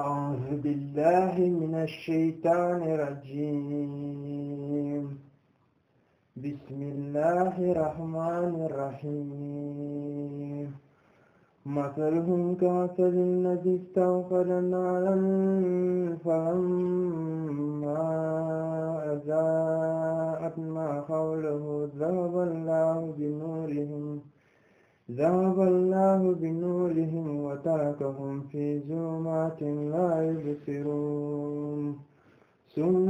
أعوذ بالله من الشيطان الرجيم بسم الله الرحمن الرحيم مثلهم كمثل الذي استوقد نارا فلما أزاءت ما حوله ذهب الله بنورهم ذهب الله بنورهم وتركهم في ظلمات لا يبصرون سم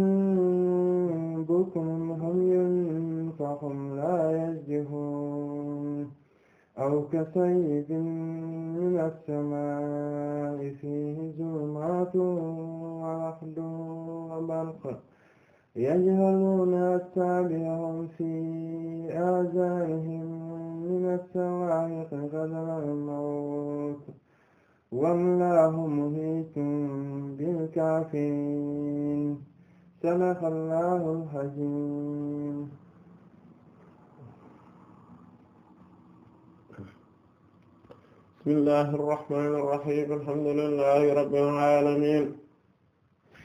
بكم عمي فهم لا يسمعون أو كصيب من السماء فيه ظلمات ورعد وبرق يجهلون أتابعهم في آذانهم من السواعق غزل الموت والله مهيت بالكافرين صدق الله العظيم بسم الله الرحمن الرحيم الحمد لله رب العالمين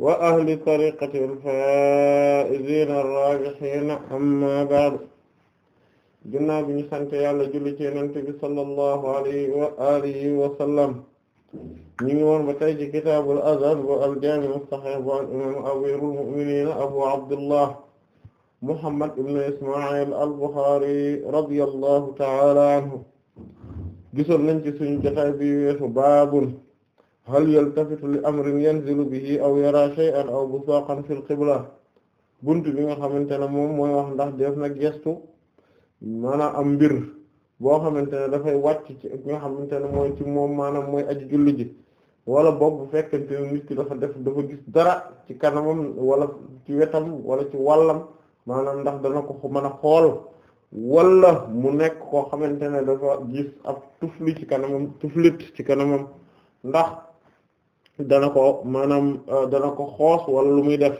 wa ahli tariqati al-faa'iziina ar-raabihiina amma ba'du ginnaaw bi ñu sant yàlla julli ci yonent bi sallallahu alayhi wa alihi wa sallam ñu ngi woon ba tey ci kitaabul azan bu al-jaami' as-sahiih bu al-imaam amiirul mu'miniina abu abdullah muhammad ibn isma'il al-buxaari radiyallahu ta'ala anhu gisoon nañ ci suñu jotaay bi weesu baabun hal yaltafitu li amrin yanzilu bihi aw yara shay'an aw busaqan fil qibla buntu bi nga xamante ne moom mooy wax ndax def na gestu maanaam am mbir boo xamante ne dafay wàcc ci nga xamante ne mooy ci moom maanaam mooy aji julli wala boog bu fekkente ne nit dafa def dafa gis dara ci kanamam wala ci wetam wala ci wàllam maanaam ndax dana ko mën a xool wala mu nekk koo xamante ne dafa gis ab tufli ci kanamam tuflit ci kanamam ndax dana ko maanaam euh, dana ko xoos wala lu muy def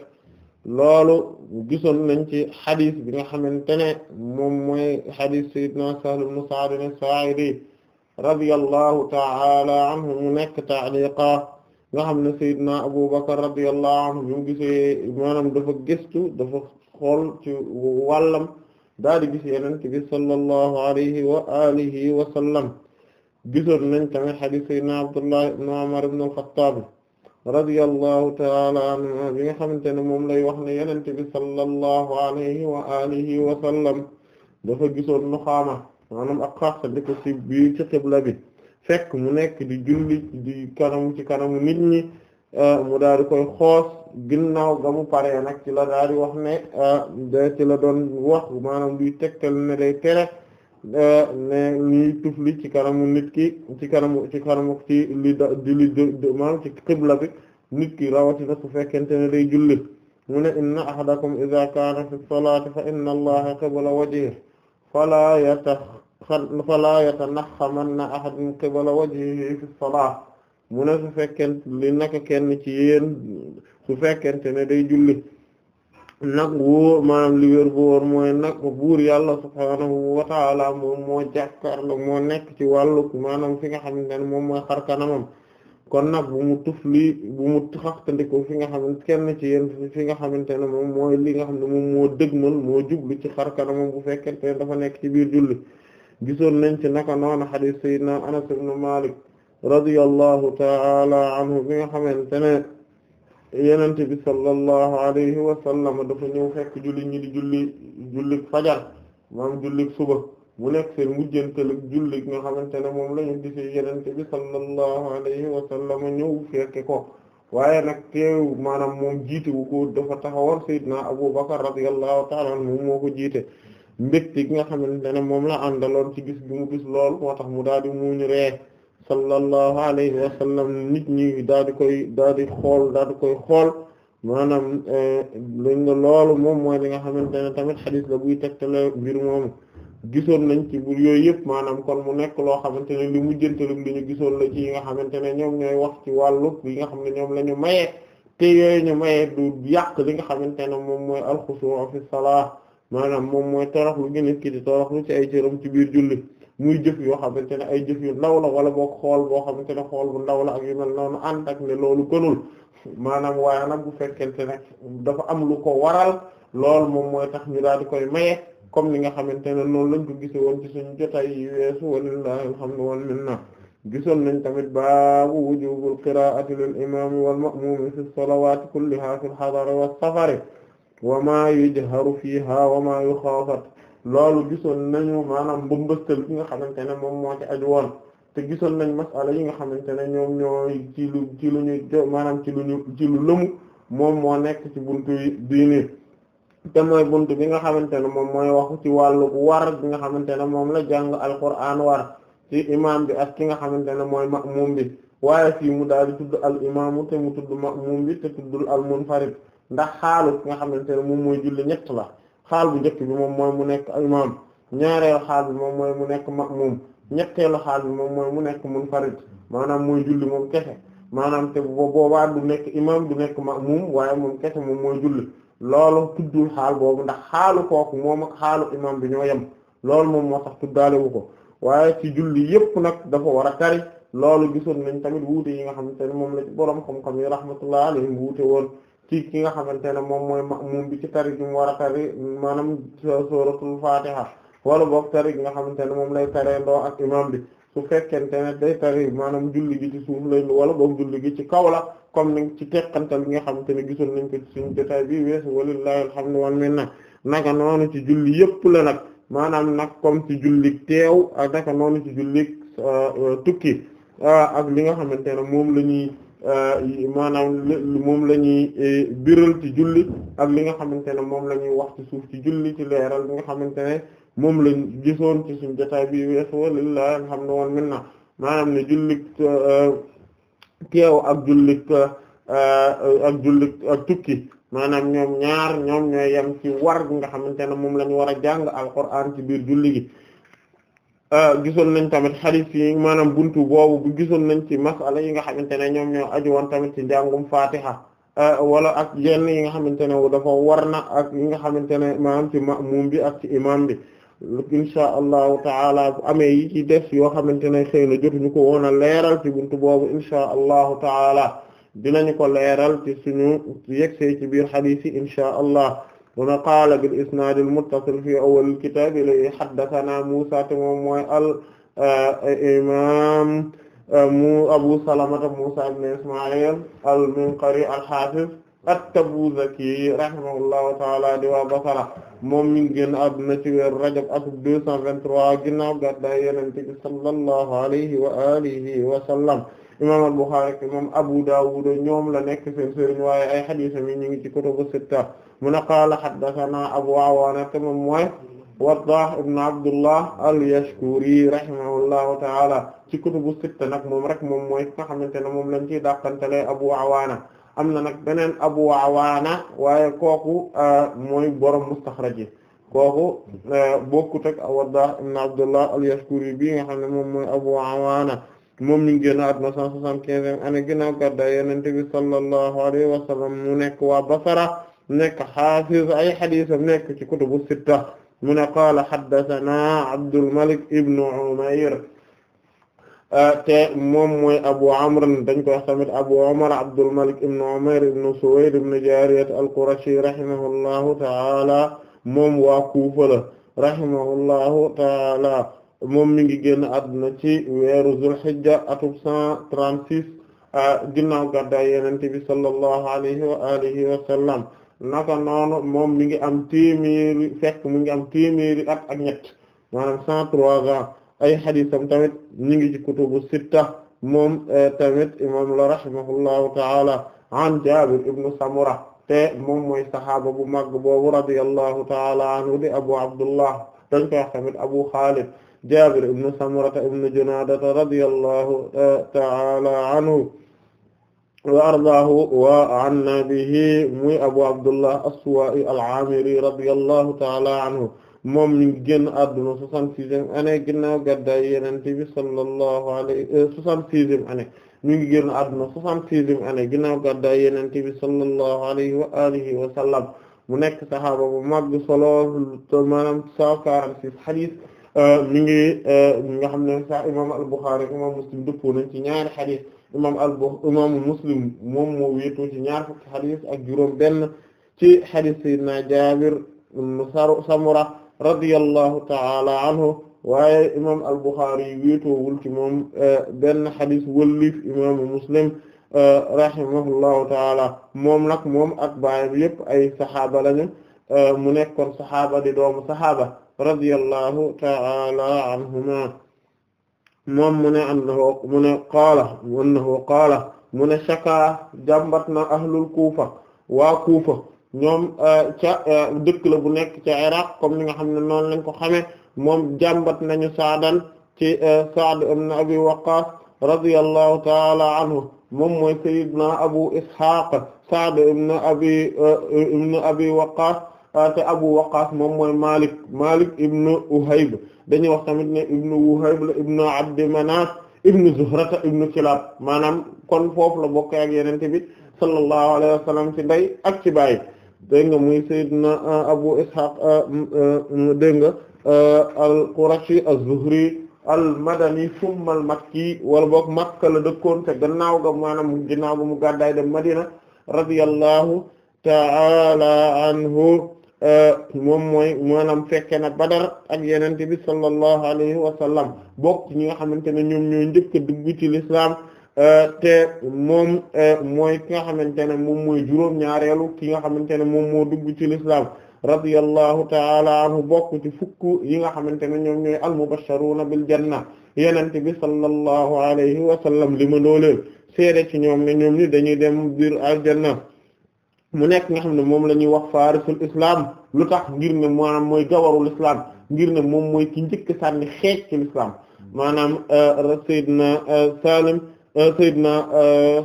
loolu gisoon nañ ci xadis bi nga xamante ne moom mooy xadis sayyidina Sahl ibn Sa'd as-Sa'idi radiyallahu ta'ala anhu mu nekk ta'liqa nga xam ne sayyidina Abu Bakr radiyallahu anhu bi mu gisee maanaam dafa gëstu dafa xool ci wàllam daal di gis Yonent bi sallallahu alayhi wa alihi wa gisoon nañ tamit xadis sayyidina Abdullah ibn Umar ibn al-Khattab radiyallahu ta'ala anhu bi nga xamante ne moom lay wax na ne yonent bi sallallahu alayhi wa alihi wa sallam dafa gisoon nuxaama maanaam ak xaaxta di ko ci bi ci xibla bi fekk mu nekk di julli di kanam ci kanamu nit euh, mu daal di koy xoos ginnaaw ga mu paree nag ci la daal di wax ne euh, da ci la doon wax maanaam luy tegtal ne day tere ne ñuy tufli ci karamu nit ki ci kanamu ci kanamu ci li da bi nit ki rawatina su fekkente ne day julli mu ne inna ahadakum idha kaana fi salaati fa inna allaha qibla wajhihi falaa yata falaa yatanaxxamanna ahadun qibla wajhihi fi salaati mu ne su fekkente li naka kenn ci yéen su fekkente ne day julli nag wóor maanaam li wér bu wóor mooy nag buur yàlla subhaanahu wa ta'ala moom moo jàkkaarloo moo nekk ci wàllu maanaam fi nga xamante ne moom mooy xar kanamam kon nag bu mu tufli bu mu xaxtandiko fi nga xam kenn ci yéen fi nga xamante ne moom mooy li nga xam ne moom moo dëgmal moo jublu ci xar kanamam bu fekkente ne dafa nekk ci biir julli gisoon nañ ci naka noonu hadith sayyidina Anas ibn Malik radiyallahu ta'ala anhu bi nga xamante ne yenent bi sallallahu alayhi wa sallam dafa ñëw fekk julli ñii di julli julli fajar maam julli suba mu nekk seen mujjantal ak julli nga xamante ne moom la ñu gisee yenent bi sallallahu alayhi wa sallam ñëw fekke ko waaye nag teew maanaam moom jiitewu ko dafa taxawoon sayyidina Abu Bakar radiyallahu ta'ala anhu moom moo ko jiite mbégte gi nga xamante ne moom la àndaloon ci gis bi mu gis lool moo tax mu daal di muuñ ree sallallahu alayhi wa sallam nit ñi daal di koy daal di xool daal di koy xool maanaam li eh, nga loolu moom mooy li nga xamante ne tamit xadis la buy la mbir moomu gisoon nañ ci bu yooyu yëpp maanaam kon mu nekk loo xamante ne li mujjantalum li ñu gisoon la ci yi nga xamante ne ñoom ñooy wax ci wàllu yi nga xam ne ñoom la ñu mayee te yooyu ñu mayee du yàq li nga xamante ne moom mooy alxusuu fi salaah maanaam moom mooy torox lu gën a kii di torox lu ci ay cëram ci biir julli muy jëf yoo xamante ne ay jëf yu ndaw la wala boo xool boo xam ne xool bu ndaw la ak yu mel noonu ànd ak ne loolu gënul maanaam waaye nag bu fekkente ne dafa am lu ko waral lool moom mooy tax ñu daal di koy maye comme ni nga xamante ne noonu lañ ko gise woon ci suñu jotaay yi weesu alhamdu wal gisoon nañ tamit baabu wujubul qira'ati lil imami wal ma'mumi fi salawati kulliha fi al hadari was safari wa ma yujharu fiha wa ma yukhafat loolu gisoon nañu maanaam mbambastal ki nga xamante ne moom moo ci aju woon te gisoon nañ masala yi nga xamante ne ñoom ñooy ci lu ci lu ñu jo maanaam ñu ci lu moom moo nekk ci buntu yi diini te mooy buntu bi nga xamante ne moom mooy waxu ci wàllu war bi nga xamante ne moom la jàng alquran war ci imam bi ak ki nga xamante ne mooy ma'mum bi waaye fii mu daal di tudd al imaamu te mu tudd ma'mum bi te tuddul al munfarid ndax xaalu ki nga xamante ne moom mooy julli ñett la xaal bu njëkk bi moom mooy mu nekk imaam ñaareelu xaal bi moom mooy mu nekk ma'muum ñetteelu xaal bi moom mooy mu nekk munfarid maanaam mooy julli moom kese maanaam te boobaa du nekk imaam du nekk ma'muum waaye moom kese moom mooy julli loolu tuddul xaal boobu ndax xaalu kooku moom ak xaalu imaam bi ñoo yem loolu moom moo tax tuddaale wu ko waaye ci julli yépp nag dafa war a tari loolu gisoon nañ tamit wuute yi nga xamante ne moom la ci boroom xam-xam yi rahmatullah wuute woon ci ki nga xamante ne moom mooy ma'muum bi ci tari gi mu war a tari maanaam suratul fatiha wala boog tari gi nga xamante ne moom lay taree ndoo ak imam bi su fekkente ne day tari maanaam julli gi ci suuf lay wala boog julli gi ci kaw la comme ni bi nga xamante ne gisoon nañ ko ci suñu jotaay bi weesu walillahi alhamdu wal yëpp la nag maanaam nag comme ci julli teew ak naka noonu ci euh, euh, li nga xamante moom la Euh, maanaam moom lañuy ñuy e, biral julli ak li nga xamante ne moom la ñuy wax ci suuf ci julli ci leeral li nga xamante ne moom lañ gisoon ci suñu jotaay bi weesu lillahi alhamdu wal minna maanaam ne jullit e, e, teew ak jullit ak jullit tukki maanaam ñoom ñaar ñoom ñooy yem ci war bi nga xamante ne moom la ñu war a jàng alquran ci biir julli gi Euh, gisoon nañ tamit hadith yi maanaam buntu boobu gisoon nañ ci masala yi nga xamante ne ñoom ñoo aju woon tamit ci njàngum fatiha euh, wala ak yenn yi nga xamante ne dafa war na ak yi nga xamante ne maanaam ci ma'mum bi ak ci imam bi insha allahu taala amee yi ci des yoo xamante ne xëy na jotuñu ko woon leeral ci buntu boobu insha allahu taala dinañu ko leeral ci suñu yegsee ci biir hadith yi insha allah mun qaala bil isnaadil muttasil fi awwalil kitaab li haddasanaa Muusaa te moom mooy al eh, imaam eh, mu Abu Salamata Muusaa ibn Ismaa'iil al-Minqari al-Haafiz at-Tabuuzaki rahimahullahu ta'aala di waa Basra moom mi ngi génn àdduna ci weer Rajab atum 223 ginnaaw gàddaay Yonent bi sallallahu alayhi wa aalihi wa sallam imam al-Bukhari ak imam Abu Dawud ñoom la nekk seen sëriñ waaye ay xadiisam mi ñu ngi ci kutubu sitta mu ne qaala haddathana Abu Awaana te moom mooy Waddah ibn Abdullah al-Yashkuri rahimahullahu ta'ala ci kutubu sitta nag moom rek moom mooy nga xamante ne moom lañ ciy dàqantale Abu Awaana am na nag beneen Abu Awaana waaye kooku euh, mooy borom mustaxraj yi kooku euh, bokkut ak Waddah ibn Abdullah al-Yashkuri bii nga xam ne moom mooy Abu Awaana moom mi ngi génn àdduna 175e année ginnaaw gàddaay Yonent bi sallallahu alayhi wa mu nekk waa Basra nekk xaafiz ay xadiisam nekk ci kutubu sitta mu ne qaala haddasanaa Abdul ibn Umayr moom mooy Abu Amr dañ koy wax tamit Abu Umar Abdul Malik ibn Umayr ibn Suwayd ibn Jaariyat al-Qurashi rahimahullahu ta'ala moom waa Kuufa la rahimahullahu ta'ala moom mi ngi génn àdduna ci weeru zulhijja atum cent trente-six ah, ginnaaw gàddaay yenente bi sallallahu alayhi wa alihi wa sallam naka noonu moom mi ngi am téeméeri fekk mu am téeméeri at ak ñett maanaam cent trois ans ay xadiisam tamit ñu ngi ci kutubu sitta moom eh, tamit imam la rahimahullahu taala an jabir ibnu samura te moom mooy saxaaba bu màgg boobu radiyallahu taala anhu di abu abdullah dañ koy tamit abu xaalid Jaabir ibn Samurata ibn Junaadata radiyallahu ta'ala anhu wa ardaahu wa anna bihi muy Abu Abdullah as-Suwaa'i al-Aamiri radiyallahu ta'ala anhu moom mi ngi génn àdduna soixante-sixième année ginnaaw gàddaay Yonent bi sallallahu alayhi euh, soixante-sixième année mi ngi génn àdduna soixante-sixième année ginnaaw gàddaay Yonent bi sallallahu alayhi wa alihi wa sallam mu nekk saxaaba bu mag solo maanaam cent quarante-six hadith mi euh, ngi euh, nga xam ne sa imam al-Bukhari imam Muslim dëppoo nañ ci ñaari xadis imam al-Bukhari imam Muslim moom ak juróom benn ci xadis sayyidina na ibn Samura radiyallahu ta'ala anhu waaye imam al-Bukhari wéetoowul ci moom euh, benn xadis wëllif imam Muslim rahimahullahu taala moom nag moom ak baayam yépp ay saxaaba lañu mu nekkoon saxaaba di doomu saxaaba radiyallahu ta'ala anhuma moom mu ne annahu mu ne qaala annahu qaala mu ne shaka jàmbat na ahlul kuufa waa kuufa ñoom eh, ca eh, dëkk la bu nekk ca iraq comme ni nga xam ne noonu lañ ko xamee moom jàmbat nañu saadan ci eh, saad ibn abi waqqas radiyallahu ta'ala anhu moom mooy sayyidna abu ishaq saad ibn abi ibn abi waqqas te Abu Waqqas moom mooy Malik Malik ibn Uhayb dañuy wax tamit ne ibn Uhayb la ibn Abd Manaf ibn Zuhrata ibn Kilab maanaam kon foofu la bokkee ak yenente bi sallallahu alayhi wa sallam ci ndey ak ci baay dégg nga muy Sayyidina uh, Abu Ishaq uh, uh, dégg nga al-Qurashi az-Zuhri al-Madani thumma al-Makki wala boog Makka la dëkkoon te gannaaw ga maanaam ginnaaw ga mu gàddaay dem Madina radiyallahu ta'ala anhu Euh, moom mooy maanaam fekke na Badar ak Yonent bi sallallahu alayhi wa sallam bokk ñi nga xamante ne ñoom ñoo njëkk a dugg ci lislaam euh, te moom euh, mooy ki nga xamante ne moom mooy juróom ñaareelu ki nga xamante ne moom moo dugg ci lislaam radiyallahu taala anhu bokk ci fukk yi nga xamante ne ñoom ñooy al-mubashsharuna bil janna Yonent bi sallallahu alayhi wa sallam li ma dooleel seede ci ñoom ne ñoom ñi dañuy dem biir aljanna mu nekk nga xam ne moom la ñuy wax farisul islam lu tax ngir ne maanaam mooy gawarul islam ngir ne moom mooy ki njëkk sànni xeej ci l'islam maanaam eh, sayyidina eh, salim eh, sayyidina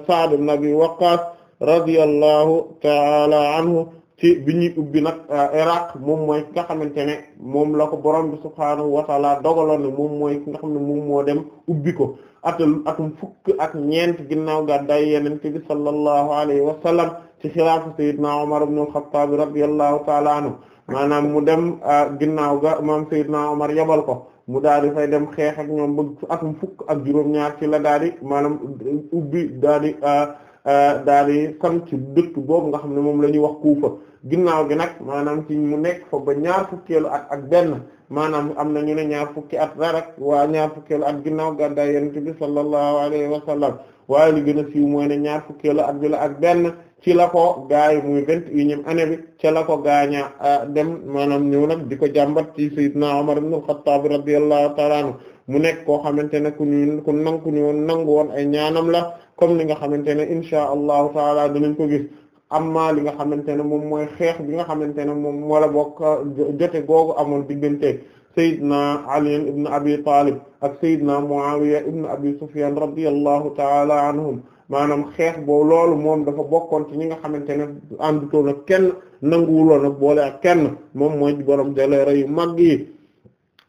Sa'd ibn Abi Waqqas radiyallahu ta'ala anhu ci bi ñuy ubbi nag Iraq moom mooy ki nga xamante ne moom la ko borom bi subhaanahu wa ta'ala dogaloon ne moom mooy ki xam ne moom moo dem ubbi ko atal atum fukk ak ñeent ginnaaw gàddaay Yonent bi sallallahu alayhi wa sallam ci xilaafu Seydina Omar ibn al-Khattab radiyallahu ta'ala maanaam mu dem ah, ginnaaw ga moom Seydina Omar yabal ko mu daal di fay dem xeex ak ñoom bëgg atum fukk ak juróom-ñaar ci daal di maanaam ubbi daal di ah, ah, daal di ci dëkk boobu nga xam ne moom la ñuy wax Kuufa ginnaaw gi nag maanaam ci mu nekk ba ñaar fukkeelu at ak benn maanaam am na ñu ne ñaar fukki at darak waa ñaar fukkeelu at ginnaaw gàddaay Yonent bi sallallahu alayhi wa sallam waaye li gën a siiw mooy ne ñaar fukkeelu at bi la ak benn ci la ko gaay muy vingt et la ko gaaña dem maanaam ñëw nag di ko jàmbat ci sayyidna Umar ibn al-Khattab radiyallahu ta'ala anhu mu nekk koo xamante ne ku ñu ku nangu ñu woon nangu ay ñaanam la comme li nga xamante ne insha allahu taala dinañ ko gis amma li nga xamante ne moom mooy xeex bi nga xamante ne moom wala la bokk jote googu amoon diggante Seydina Ali ibn Abi Talib ak Seydina Muawiya ibn Abi Sufyan radiyallahu taala anhum maanaam xeex boobu loolu moom dafa bokkoon ci ñi nga xamante ne àndutoon ak kenn nanguwuloon ak boole ak kenn moom mooy borom jaleera yu mag yi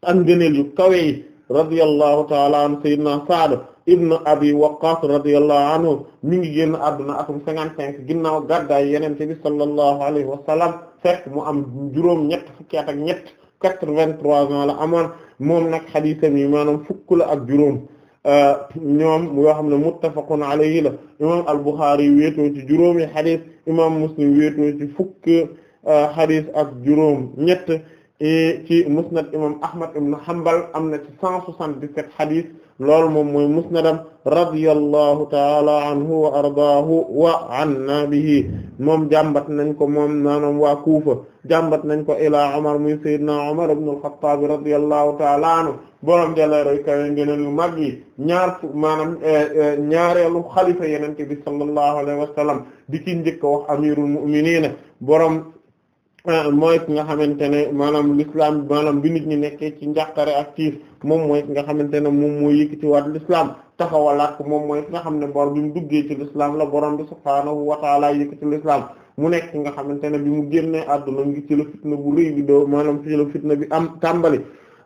ak ngëneel yu kawe yi radiyallahu taala anhu sayyidina Sa'd ibn Abi Waqqas radiyallahu anhu mi ngi génn àdduna atum cinquante-cinq ginnaaw gàddaay Yonent bi sallallahu alayhi wa sallam fekk mu am juróom ñett fukki ñett quatre-vingt-trois ans la amoon moom nag xadiisam yi maanaam fukk la ak juróom ñoom yoo xam ne muttafaqun alayhi la imam al-Bukhari wéetoo ci juróomi xadis imam Muslim wéetoo ci fukk euh, xadis ak juróom ñett ci musnad imam Ahmad ibn Hanbal am na ci cent soixante-dix-sept loolu moom mooy musnadam radiyallahu taala anhu wa ardaahu wa anna moom jàmbat nañ ko moom maanaam waa Kuufa jàmbat nañ ko ilaa Umar muy sayyidina Umar ibn al-Khattab radiyallahu taala anhu borom jàllale kawe ngëneel yu mag yi ñaar maanaam eh, eh, ñaareelu xalifa Yonent bi sallallahu alayhi wa di ki njëkk wax amirul mu'minin Euh, mooy ki nga xamante ne maanaam lislaam maanaam bi nit ñi nekkee ci njaxtare ak tiif moom mooy ki nga xamante ne moom mooy ci waat lislaam taxawalaat ko moom mooy ki nga xam ne bor bi mu duggee ci l'islam la borom bi subhaanahu wa taala yëkkati l'islam mu nekk nga xamante ne bi mu génnee àdduna ngi ci la fitna bu rëy bi doo maanaam ci la fitna bi am tàmbali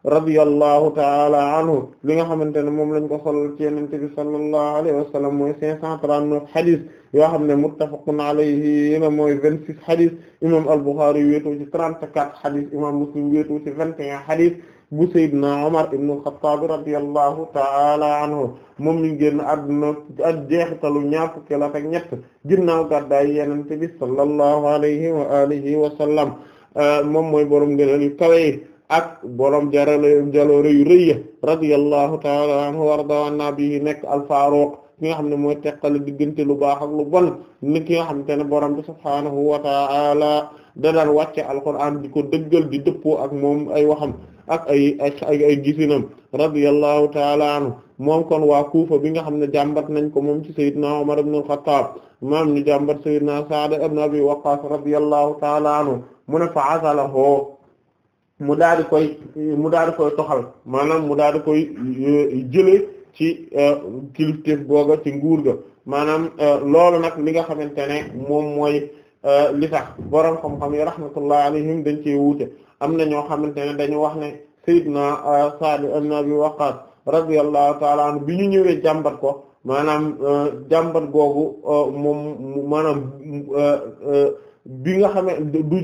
radiyallahu taala anhu li nga xamante ne moom lañ ko solal ci yenente bi sallallahu alayhi wa mooy cinq cent trente-neuf hadith xam ne muttafaqun alayhi la mooy vingt-six hadith imam al-Bukhari wéetoo ci trente-quatre hadith imam Muslim wéetoo ci vingt et un hadith bu Seydina Omar ibn al-Khattab radiyallahu ta'ala anhu moom mi ngi génn àdduna ak jeexitalu ñaar fukki at ak ñett ginnaaw gàddaay Yonent bi sallallahu alayhi wa alihi wa sallam moom mooy borom gënal yu ak borom jarale jaloore yu rëy radiyallahu taala anhu warda nabi nekk al-Faaruq ki nga xam ne mooy teqale diggante lu baax ak lu bon ni ki nga xamante ne borom bi subhaanahu wa taala da daan wàcce alquran di ko dëggal di dëppoo ak moom ay waxam ak ay ay ay gisinam radiyallahu taala anhu moom kon waa Kuufa bi nga xam ne jàmbat nañ ko moom ci sayyidina Umar ibn al-Khattab maam ñu jàmbat sayyidina Sa'd ibn Abi Waqqas radiyallahu taala anhu mu ne fa asalahu mu daal di koy mu daal di koy toxal maanaam mu daal di koy euh, jëlee ci euh, kilifteef googa ci nguur ga maanaam euh, loolu nag li nga xamante ne moom mooy li tax borom xam-xam yi rahmatullah alayhim dañ cee wuute am na ñoo xamante ne dañu wax ne Seydina Sa'd ibn Abi Waqqas radiyallahu ta'ala anhu bi ñu ñëwee jàmbat ko maanaam jàmbat googu moom maanaam nga xam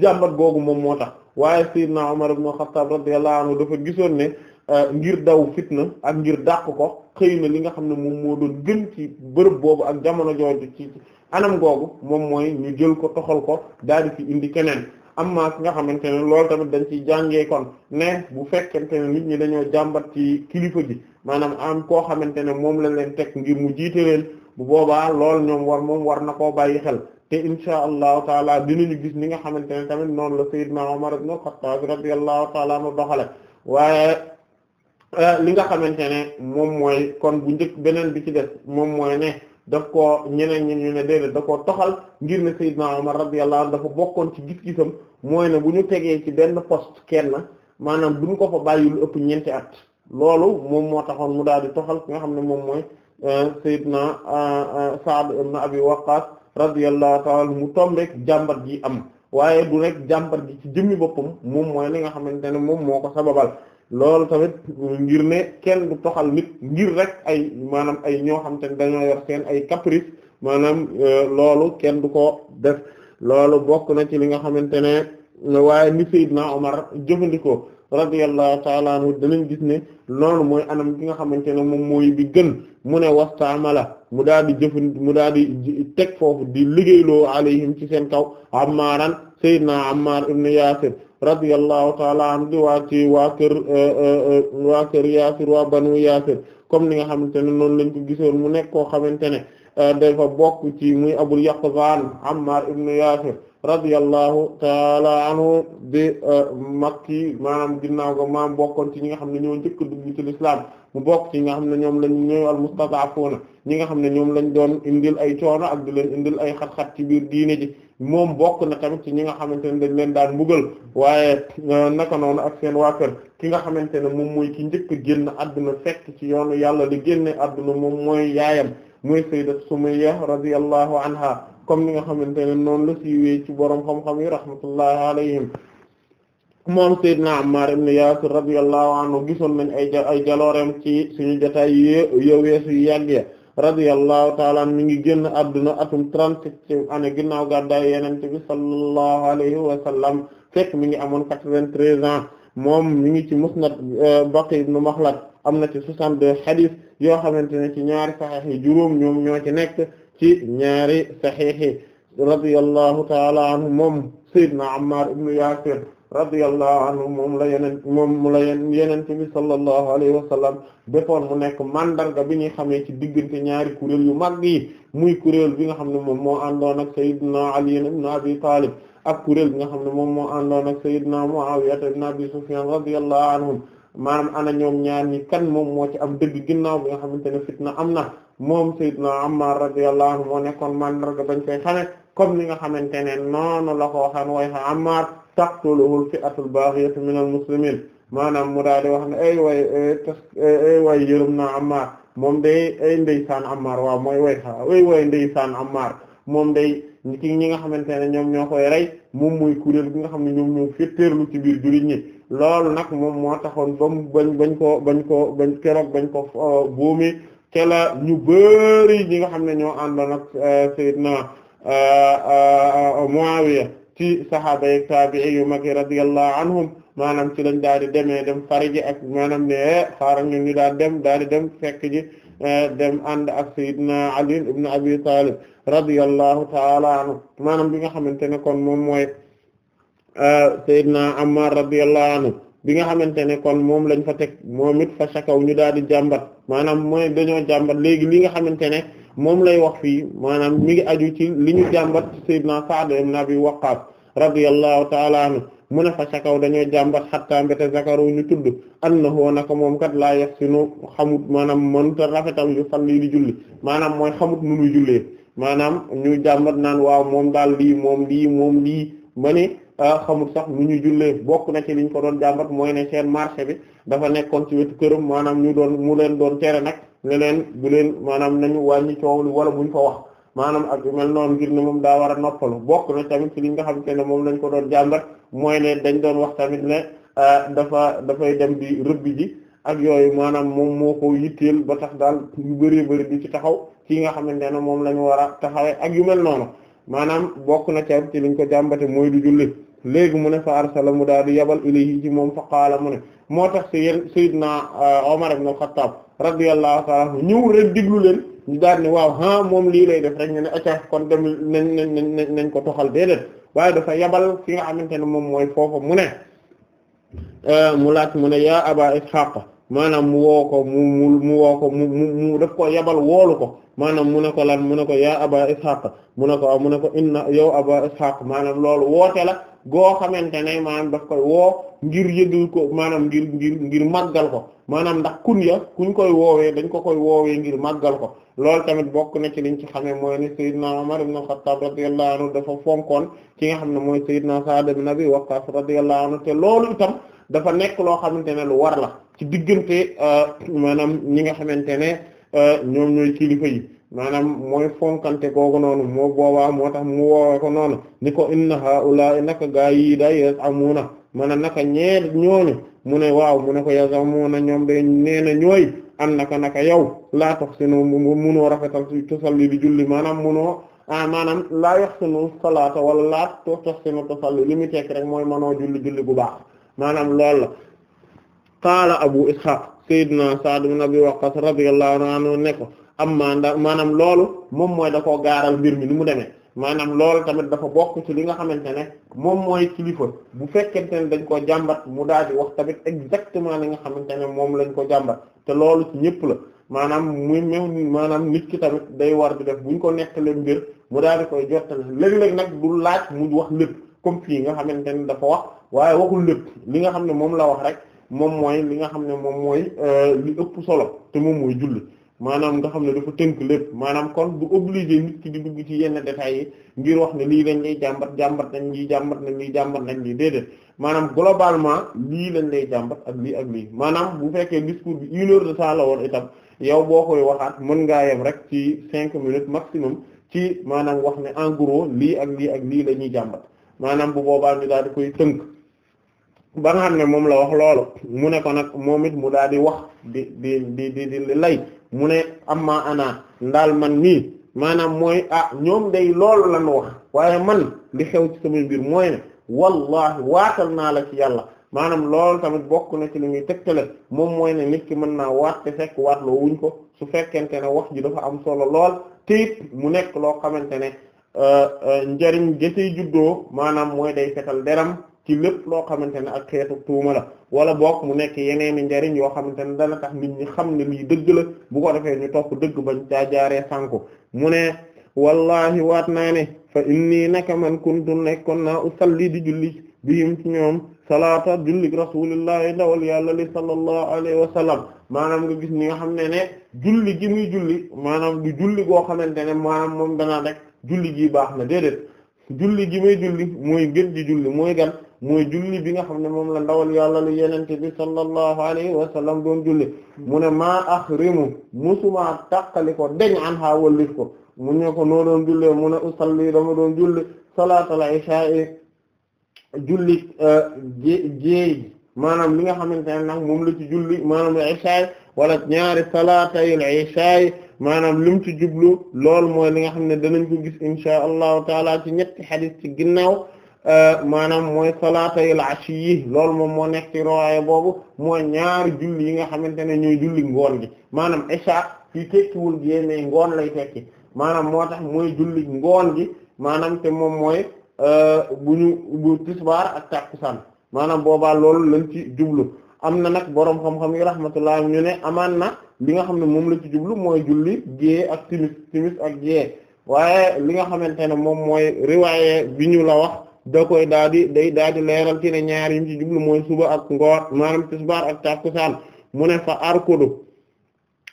jàmbat googu moom moo tax. waaye Seydina Umar ibn Khattab radiyallahu anhu dafa gisoon ne euh, ngir daw fitna ak ngir dàq ko xëy na li nga xam ne moom moo doon gën ci bërëb boobu ak jamono jooju ci anam googu moom mooy ñu jël ko toxal ko daal di fi indi keneen amma ki nga xamante ne loolu tamit dañ ciy jàngee kon ne bu fekkente ne nit ñi dañoo jàmbat ci kilifa gi maanaam am koo xamante ne moom la leen tek ngir mu jiite leen bu boobaa lool ñoom war moom war na koo bàyyi xel te insha allahu taala dinañu gis ni nga xamante ne tamit noonu la Seydina Umar ibn al-Khattab radiyallahu taala anhu doxale waaye eh, li nga xamante ne moom mooy kon bu njëkk beneen bi ci des moom mooy ne daf ko ñeneen ñi ñu ne déedéet da koo toxal ngir ne Seydina Umar radiyallahu anhu dafa bokkoon ci gis-gisam mooy ne bu ñu tegee ci benn post kenn maanaam duñ ko fa bàyyi lu ëpp ñeenti at loolu moom moo taxoon mu daal di toxal ki nga xam ne moom mooy eh, Seydina eh, radiyallahu ta'ala anhu mu tombeek jàmbat ji am waaye du rek jàmbat ji ci jëmmi boppam moom mooy li nga xamante ne moom moo ko sababal loolu tamit ngir ne kenn du toxal nit ngir rek ay maanaam ay ñoo xam te ne dañoo yor seen ay caprice maanaam euh, loolu kenn du ko def loolu bokk na ci li nga xamante ne waaye ni Seydina Omar jëfandikoo radiyallahu ta'ala anhu danañ gis ne loolu mooy anam ki nga xamante ne moom mooy bi gën mu ne wastaamala mu daal di jëfand mu daal di teg foofu di liggéeyloo alayhim ci seen kaw Ammaaran Seydina Ammaar ibn Yaasir radiyallahu taala anhu di waa ci waa kër euh, euh, euh, waa kër Yaasir waa banu Yaasir comme ni nga xamante ne noonu lañ ko gisoon mu nekk koo xamante ne Eh, dafa bokk ci muy Abul Yaqzan Ammar ibn Yasir radiyallahu taala anhu de eh, Makki maanaam ginnaaw ga maam bokkoon ci ñi nga xam ne ñoo njëkk dugg ci l'islam mu bokk ci ñi nga xam ne ñoom lañ ñooy al ñi nga xam ne ñoom lañ doon indil ay coono ak di leen indil ay xat-xat ci biir diine ji moom bokk na tamit ci ñi nga xamante ne dañ leen daan mbugal waaye eh, naka noonu ak seen waa ki nga xamante ne moom moy ki njëkk génn adduna fekk ci yoonu yàlla li génne adduna moom mooy yaayam mooy sayyidat Sumayya radiyallahu anha comme ni nga xamante ne noonu la siiwee ci borom xam-xam yi rahmatullahi alayhim moom Seydina Ammar ibn Yaasir radiyallahu anhu gisoon nañ ay ay jaloorem ci suñu jotaay yi weesu yu yàgg radiyallahu ta'ala mi ngi génn adduna atum 37 année ginnaaw gàddaay Yonent bi sallallahu alayhi wa sallam fekk mi ngi amoon 93 ans moom mi ngi ci musnad euh, Baqi ibn Makhlad am na ci 62 hadith yoo xamante ne ci ñaari saxiix yi juróom ñoom ñoo ci nekk ci ñaari saxiix yi radiyallahu taala anhu moom sayyidna Ammar ibnu Yaasir radiyallahu anhu moom la yeneen moom la yenente bi sallallahu alayhi wa sallam defoon mu nekk mandarga bi ñuy xamee ci diggante ñaari kuréel yu mag yi muy kuréel bi nga xam ne moom moo àndoon ak sayyidna Ali ibnu Abi Talib ak kuréel bi nga xam ne moom moo àndoon ak sayyidna Muawiya ibnu Abi Sufyan radiyallahu anhum maanaam ana ñoom ñaar ñi kan moom moo ci am dëgg ginnaaw bi nga xamante ne fitna am na moom Seydina Ammar radiyallahu anhu moo nekkoon mandarga bañ koy xame comme ni nga xamante ne noonu la ko waxaan way xa Ammar taqtuluhul fi'atul baghiyatu minal muslimin maanaam mu daal di wax ne ay way tas ay way yërëm naa Ammar moom day ay ndeysaan Ammar waaw mooy way xa ay way ndeysaan Ammar moom day ki ñi nga xamante ne ñoom ñoo koy rey moom mooy kuréel bi nga xam ne ñoom ñoo féttéerlu ci biir ñi loolu nag moom moo taxoon ba mu bañ bañ koo bañ koo bañ keroog bañ ko euh, buumi te la ñu bëri ñi nga xam ne ñoo àndoon ak euh, Seydina euh, Muawiya ci sahaaba yi taabi'i yu mag yi radiyallahu anhum maanaam ci lañ daal di demee dem fari ji ak maanaam ne eh, xaaral ñu ñu dem daal di dem fekk ji dem ànd ak Seydina Ali ibn Abi Talib radiyallahu ta'ala anhu maanaam bi nga xamante ne kon moom mooy Seydina Ammar radiyallahu anhu bi nga xamante ne kon moom lañ fa teg moom it fa sakaw ñu daal di jàmbat maanaam mooy dañoo jàmbat léegi li nga xamante ne moom lay wax fii maanaam mi ngi aju ci li ñu jàmbat Seydina Sa'd ibn Abi Waqqas radiyallahu ta'ala anhu mu ne fa sakaw dañoo jàmbat xattaa mbéte zakaru ñu tudd annahu naka moom kat laa si nu xamut maanaam mënuta rafetal yu salli di julli maanaam mooy xamut nu nuy jullee maanaam ñu jàmbat naan waaw moom daal lii moom lii moom lii ma Ah, xamul sax nu ñu jullee bokk na ci liñ ko doon jàmbat mooy ne seen marché bi dafa nekkoon ci wetu këram maanaam ñu doon mu leen doon tere nag ne leen bu leen maanaam nañu wàññi coow wala buñ fa wax maanaam ak yu mel noonu ngir ne moom daa war a noppalu bokk na tamit li nga xamante ne moom lañ ko doon jàmbat mooy ne dañ doon wax tamit ne ah, dafa dafay dem di rëbbi ji ak yooyu maanaam moom moo ko yitteel ba tax daal yu bëree bëri di ci taxaw ki nga xamante ne moom la ñu war a taxawee ak yu mel noonu maanaam bokk na ci ci liñ ko jàmbate mooy du julli léegi mu ne fa arsala mu daal di yabal ilayhi ci moom fa qaala mu moo tax si yéen sayyidna Umar uh, ibn al-Khattab radiyallahu ta'ala anhu ñëw rek diglu leen ñu daal waaw ah moom lii lay def rek ñu ne acca kon dem nañ nañ nañ ko toxal déedéet waaye dafa yabal ki nga xamante ne moom mooy foofu mu ne uh, mu laaj mu ne yaa Aba Ishaq maanaam mu woo ko mu mu mu woo ko mu mu mu daf ko yabal woolu ko maanaam mu ne ko lan mu ne ko yaa Aba Ishaq mu ne ko mu ne ko inna yow Aba Ishaq maanaam loolu woote la goo xamante ne maanaam daf koy woo ngir yëgal ko maanaam ngir ngir ngir màggal ko maanaam ndax ya kuñ koy woowee dañ ko koy woowee ngir màggal ko loolu tamit bokk na ci liñ ci xamee mooy ni Seydina Umar na Khattab radiyallahu anhu dafa fonkoon ki nga xam ne mooy Seydina Sa'd ibn Abi Waqqas radiyallahu anhu te loolu itam dafa nekk loo xamante ne lu war la ci diggante euh, maanaam ñi nga xamante ne euh, ñoom ñooy kilifa yi maanaam mooy fonkante googu noonu moo boobaa moo tax mu woowee ko noonu ni ko inna haula naka gaa yi day yazamuna mana naka ñeer ñooñu mu ne waaw mu ne ko yazamuna ñoom de nee na ñooy an naka naka yow laa tax sinu munoo rafetal julli maanaam munoo ah maanaam laa yax sinu salaata wala laa tax sinu tusalli li mu tekk rek mooy manoo julli julli bu baax maanaam loolu la qaala abu ishaq sayyidina sa'd ibn abi waqqas radiyallahu anhu ko am maanaam maanaam loolu moom mooy da koo gaaral mbir mi ni mu demee maanaam loolu tamit dafa bokk ci li nga xamante ne moom mooy kilifa bu fekkente ne dañ koo jàmbat mu daal di wax tamit exactement li nga xamante ne moom lañ ko jàmbat te loolu ñëpp la maanaam muy même maanaam nit ki tamit day war di def buñ ko nekkalee mbir mu daal di koy jottali léeg-léeg nag du laaj mu wax lépp comme fii nga xamante ne dafa wax waaye waxul nga xam ne moom la wax rek moom mooy li nga xam ne moom mooy euh, li ëpp solo te moom mooy julli maanaam nga xam ne dafa tënk lépp maanaam kon bu obligé nit ki di dugg ci yenn détails yi ngir wax ne lii lañ lay jàmbat jàmbat nañ lii jàmbat nañ lii jàmbat nañ lii déedéet maanaam globalement lii lañ lay jàmbat ak lii ak lii maanaam bu fekkee discours bi une heure de temps la woon itam yow boo koy waxaat mën ngaa yem rek ci cinq minutes maximum ci maanaam wax ne en gros lii ak lii ak lii la jàmbat maanaam bu boobaa ñu daal di koy tënk ba nga xam ne moom la wax loolu mu ne ko nag moom it mu daal di wax di lay mu ne amma ana ndaal man nii maanaam mooy ah ñoom day lool lan wax waaye man di xew ci sama mbir mooy ne wallahi waatal naa la ci yàlla maanaam loolu tamit bokk na ci li muy tegtale moom mooy ne nit ki mën naa waat te fekk waat loo wuñ ko su fekkente ne wax ji dafa am solo lool te mu nekk loo xamante ne euh, euh, njariñ gësey juddoo maanaam mooy day fetal deram ci lépp loo xamante ne ak xeetu tuuma la wala bokk mu nekk yeneen i njariñ yoo xamante ne dana tax nit ñi xam ne lii dëgg la bu ko defee ñu topp dëgg bañ caa jaaree sànku mu ne wallahi waat naa ne fa inni naka man kuntu nekkoon naa usalli di julli bihim ci ñoom salaata jullig rasulillahi ndawal yàlla li sallallahu alayhi wa sallam maanaam nga gis ni nga xam ne ne julli gi muy julli maanaam du julli goo xamante ne maanaam moom danaa rek julli gi baax na déedéet julli gi muy julli mooy gën mooy gan mooy julli bi nga xam ne moom la ndawal yàlla lu yenente bi sallallahu alayhi wa doon julli mu ne maa axrimu musuma tàqali ko deñ an haa wallif ko mu ne ko noo doon jullee mu usalli dama doon julli salaatal isha'i julli euh, jéey maanaam li nga xamante ne nag moom la ci julli maanaam isha'i wala ñaari salaatayil isha'i maanaam lim ci jublu lool mooy li nga xam ne danañ ko gis insha allahu taala ci ñetti xadis ci ginnaaw Euh, maanaam mooy salaatayil ashi yi loolu moom moo nekk ci riwaaya boobu mooy ñaari julli yi nga xamante ne ñuy julli ngoon gi maanaam isha ci tekkiwul gi mais ngoon lay tekki maanaam moo tax mooy julli ngoon gi maanaam te moom mooy euh, bu ñu bu tisbaar ak takkusaan maanaam boobaa loolu lañ ci jublu am na nag boroom xam-xam yi rahmatullah ñu ne amaan na li nga xam ne moom la ci jublu mooy julli gée ak timis timis ak gée waaye li nga xamante ne moom mooy riwaaya bi ñu la wax da koy daal di day daal di leeral ci ne ñaar yim mooy suba ak ngoor maanaam tisbaar ak takkusaan mu ne fa arkudu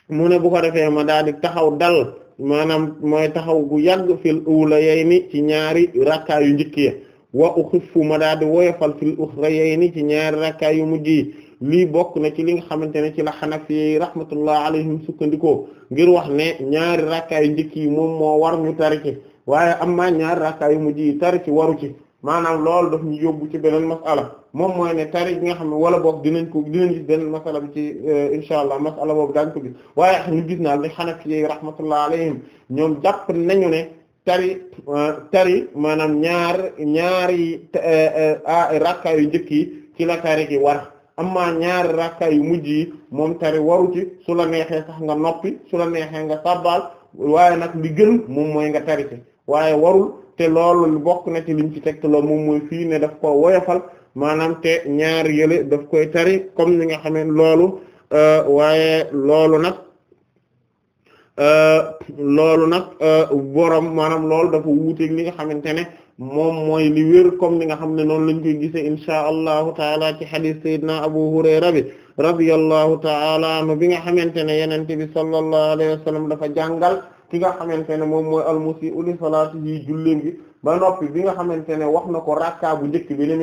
mu ne bu ko defee ma daal di taxaw dal maanaam mooy taxaw gu yàgg fil ulayayni ci ñaari rakkaa yu njëkk ya wa ma daal di woyofal fil uxrayayni ci ñaari rakkaa yu mujj yi lii bokk na ci li nga xamante ne ci la xanafi rahmatullah alayhim sukkandikoo ngir wax ne ñaari rakkaa yu njëkk yi moom moo war ñu tari waaye am na ñaari rakkaa yu mujj yi tari ci waru ci maanaam loolu daf ñu yóbbu ci beneen masala moom mooy ne tari bi nga xam ne wala boog dinañ ko dinañ gis beneen masala bi ci euh, insha allah masala boobu daañ ko gis waaye ñu gis naa ne Hanafi yi rahmatullah alayhim ñoom jàpp nañu ne tari euh, tari maanaam ñaar ñaari euh, rakka yu njëkk yi ci la tari gi war amma ñaari rakka yu mujj yi moom tari waru ci su la neexee sax nga noppi su la neexee nga sabbal waaye nag li gën moom mooy nga tari ci waaye warul te loolu bokk na ci liñ ci teg loolu moom mooy fii ne daf ko woyafal maanaam te ñaar yële daf koy tari comme ni nga xamee loolu euh, waaye loolu nag euh, loolu nag euh, borom maanaam loolu dafa wuuteeg li nga xamante ne moom mooy li wér comme ni nga xam ne noonu lañ koy gisee insha allahu taala ci hadith sayyidina Abu Hurayra bi radiyallahu taala anhu bi nga xamante ne yeneen bi sallallahu alayhi wa dafa jàngal ki nga xamante ne moom mooy almusi uli salaati yi julleen gi ba noppi bi nga xamante ne wax na ko rakka bu njëkk bi ni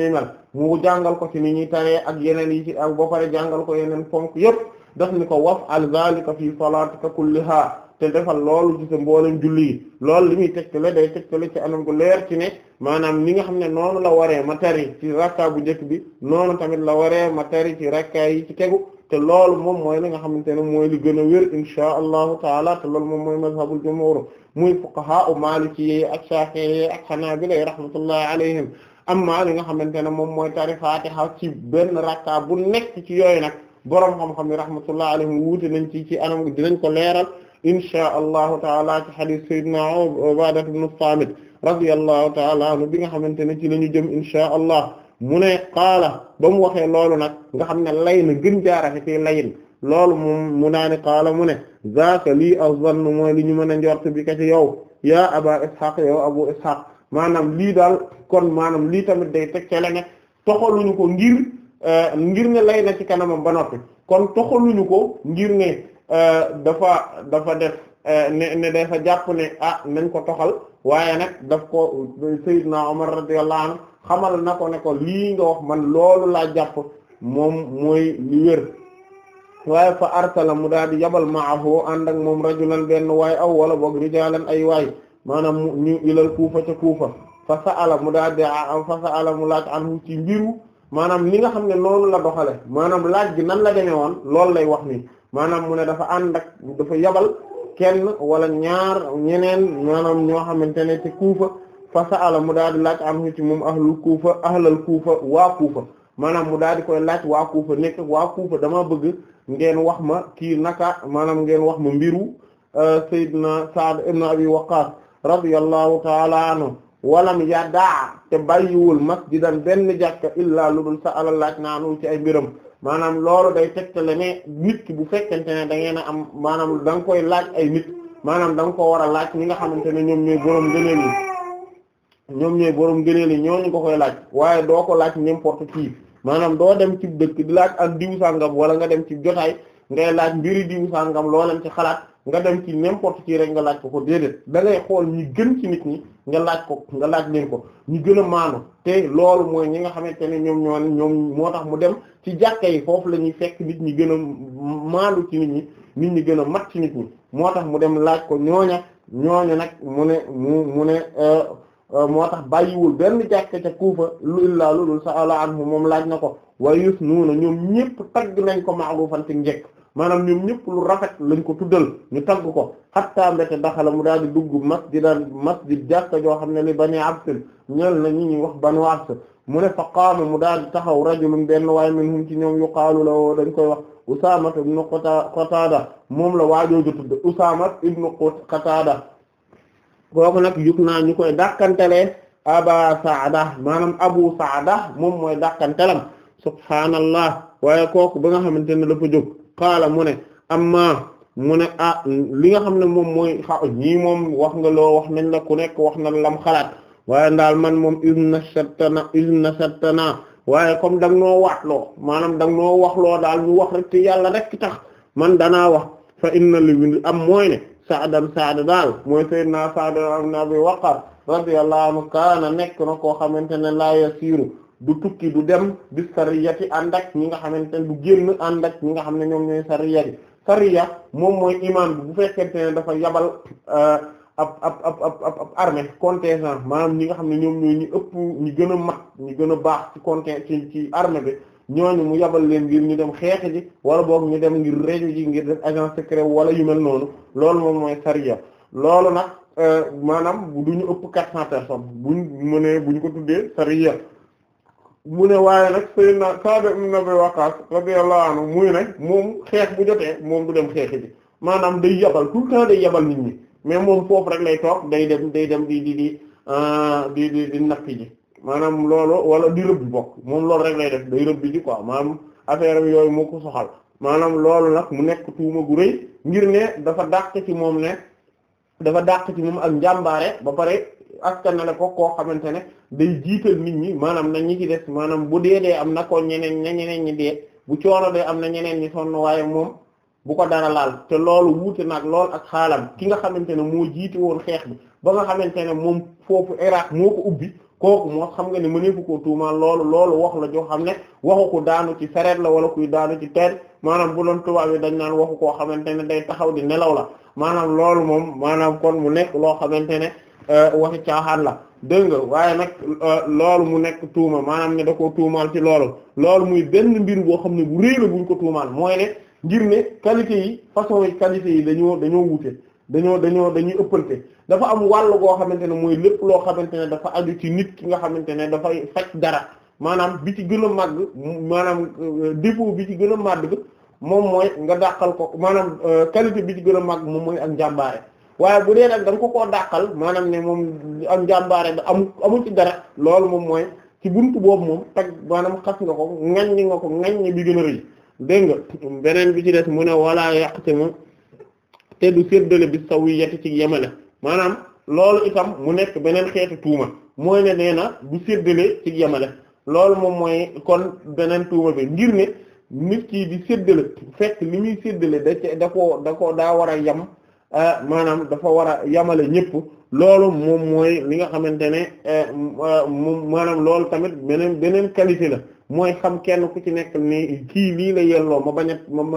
muy mu jàngal ko ci ni ñuy taree ak yeneen yi ci ak ba pare jàngal ko yeneen ponk yépp daf ni ko wax al zalika fi salatika kulliha te defal loolu ci sa mboolem julli yi loolu li muy tegtale day tegtale ci anam gu leer ci ne maanaam ni nga xam ne noonu la waree ma tari ci rakka bu njëkk bi noonu tamit la waree ma tari ci rakka yi ci tegu te loolu moom mooy li nga xamante ne mooy li gën a wér inshaa allahu taala te loolu moom mooy mazhabul jumhur muy fuqaha u maalikiyyi ak shafi'iyyi ak xanaabila rahmatullahi alayhim amma li nga xamante ne moom mooy tari fatiha ci benn rakka bu nekk ci yooyu nag boroom xam-xam ni rahmatullahi alayhim wuute nañ ci ci anam dinañ ko leeral inshaa allahu taala ci hadith sayyidina Ubaadatu ibn Saamit radiyallahu taala anhu bi nga xamante ne ci la ñu jëm inshaa allah mu ne qaala ba mu waxee loolu nag nga xam ne lay na gën jaarafe fii layin loolu moom mu naa ni qaala mu ne zaaka lii az-zann mooy li ñu mën a njort bi ka yow yaa aba ishaq yow abu maanaam lii daal kon maanam lii tamit day teg tegcele ne toxaluñu ko ngir eh, ngir ne lay na ci kanamam ba noppi kon toxaluñu ko ngir ne eh, dafa dafa def eh, ne ne dafa jàpp ne ah nañ ko toxal waaye nag daf ko Seydina Omar radiyallahu anhu xamal na ko ne ko lii nga wax man loolu laa jàpp moom mooy li wér waaye fa arsala mu daal di yabal maahu ànd ak moom rajulan benn waay aw wala boog rijalan ay waay maanaam mu ñu ilal kuufa ca kuufa fa mu daal di fa sa'ala mu laaj anhu ci mbiru maanaam li nga xam ne noonu la doxale maanaam laaj bi nan la demee woon loolu lay wax nii maanaam mu ne dafa ànd dafa yabal kenn wala ñaar ñeneen maanaam ñoo xamante ne ci kuufa fa sa'ala mu daal di laaj anhu ci moom ahlul kuufa ahlal kuufa waa kuufa maanaam mu daal di koy laaj waa kuufa nekk waa kuufa dama bëgg ngeen wax ma kii naka maanaam ngeen wax ma mbiru euh, sayyidina Sa'd ibn Abi Waqqas radiyallahu ta'ala anhu walam yadaa te bàyyiwul masjidan benn jàkka illaa lu dul sa'ala laaj na anhu ci ay mbiram maanaam loolu day tegtale ne nit ki bu fekkente ne da ngeen a am maanaam da koy laaj ay nit maanaam da nga ko war a laaj ñi nga xamante ne ñoom ñooy borom gëneel yi ñoom ñooy borom ngëneel yi ñooñu ko koy laaj waaye doo ko laaj n'importe qui maanaam doo dem ci dëkk laaj ak diwu sàngam wala nga dem ci jotaay ngay laaj mbiri diwu sàngam loo ci xalaat nga dem ci n'importe qui rek nga laaj ko ko déedéet da xool ñi gën ci nit ñi nga laaj ko nga laaj leen ko ñu gën a maanu te loolu mooy ñi nga xamante ne ñoom ñoo ñoom moo tax mu dem ci jàkka yi foofu la ñuy fekk nit ñi gën a maanu ci nit ñi nit ñi gën a mat ci moo tax mu dem laaj ko ñooña ñooña nag mu ne mu mu ne euh, Euh, moo tax bàyyiwul benn jàkka ca Kuufa lu illaa lulul sa'ala anhu moom laaj na ko waaye yus nuuna ñoom ñëpp tagg nañ ko ma'rufan ci njëkk maanaam ñoom ñëpp lu rafet lañ ko tuddal ñu tagg ko xattaa mbete daxala mu daal di dugg masjidan masjid jàkka joo xam ne li bani absin ñel na ñi ñuy wax banu abs mu ne fa qaama mu daal di taxaw rajulun benn waay minhum ci ñoom yuqaalu la woo dañ koy wax Usaama ibnu Qataada moom la waajooju tudd Usaama ibnu Qataada googu nag yug naa ñu koy dàkkantelee aba saada maanaam abu saada moom mooy dàkkantelam subhaanallah waaye kooku ba nga xamante ne dafa jóg xaala mu ne amma mu ne ah li nga xam ne moom mooy xa ñii moom wax nga loo wax nañ la ku nekk wax na lam xalaat waaye daal man moom inna shattana inna shattana waaye comme dang noo waatloo maanaam dang noo waxloo daal ñu wax rek te yàlla rek tax man danaa wax fa inna li am mooy ne sa'dan sa'd daal mooy sayyidina Sa'd ibn Abi Waqqas radiyallahu anhu kaana nekk na koo xamante ne laa yasiiru du tukki du dem bi sariyati ànd ak ñi nga xamante ne du génn ànd ak ñi nga xam ne ñoom ñooy sariyati sariya moom mooy imaam bi bu fekkente ne dafa yabal uh, ab ab ab ab ab armée contingent maanaam ñi nga xam ne ñoom ñooy ñi ëpp ñi gën a mag ñi gën a baax ci ci ci bi ñooñu mu yabal leen ngir ñu dem xeex ji wala boog ñu dem ngir réju ji ngir def agent secret wala yu noonu loolu moom mooy sariya loolu nag euh, maanaam du ñu ëpp quatre cent personnes buñ mënee ñu ko tuddee sariya mu ne waaye nag sayyidna na ibn Abi Waqqas radiyallahu anhu muy ne moom xeex bu jotee moom du dem xeex ji maanaam day yabal tout le temps day yabal nit ñi mais moom foofu rek lay toog day dem day dem di di di euh, di di di nappi ji maanaam loolu wala di rëbb bokk moom loolu rek lay def day rëbb ji quoi maanaam affaire am yooyu moo ko soxal maanaam loolu nag mu nekk tuuma gu rëy ngir ne dafa dàq ci moom ne dafa dàq ci moom ak njàmbaare ba pare askanale ko koo xamante ne day jiital nit ñi maanaam na ñi ci des maanaam bu dee am na ko ñeneen na ñeneen ñi dee bu coono am na ñeneen ñi sonn waaye moom bu ko dara laal te loolu wuute nag lool ak xaalam ki nga xamante ne moo jiite woon xeex bi ba nga xamante ne moom foofu Irak moo ko ubbi kooku moo xam nga ne mëneefu koo tuumaal loolu loolu wax la joo xam ne waxu ko daanu ci sareet la wala kuy daanu ci teen maanaam bu doon tubaab yi dañ naan waxu koo xamante ne day taxaw di nelaw la maanaam loolu moom maanaam kon mu nekk loo xamante ne euh, waxi caaxaan la dégg nga waaye nag euh, loolu mu nekk tuuma maanaam ne da koo tuumaal ci loolu loolu muy benn mbir boo xam ne bu réy la buñ ko tuumaal mooy ne ngir ne qualité yi façon yi qualité yi dañoo dañoo wute dañoo dañoo dañuy ëppante dafa am wàll goo xamante ne mooy lépp loo xamante na dafa aju ci nit ki nga xamante ne dafay faj dara maanaam bi ci gën a màgg maanaam euh, défaut bi ci gën a màgg moom mooy nga dàqal ko maanaam euh, qualité bi ci gën a màgg moom mooy ak njàmbaare waaye bu dee nag danga nga ko dàqal maanaam ne moom ak njàmbaare da amu amu ci dara loolu moom mooy ci buntu boobu moom tag maanaam xas nga ko ŋaññi nga ko ŋaññi bi gën a rëy dégg nga beneen bi ci des mu ne wala yàq ci te du séddale bi sawiyati ci yemale maanaam loolu itam mu nekk beneen xeetu tuuma mooy ne nee na du séddale ci yemale loolu moom mooy kon beneen tuuma bi ngir ne nit kii di séddale fekk li muy séddale da da koo da koo daa war a yem ah, maanaam dafa war a yemale ñëpp loolu moom mooy li nga xamante ne eh, ah, moom maanaam loolu tamit beneen beneen qualité la mooy xam kenn ku ci nekk ni kii lii la yelloo ma bañ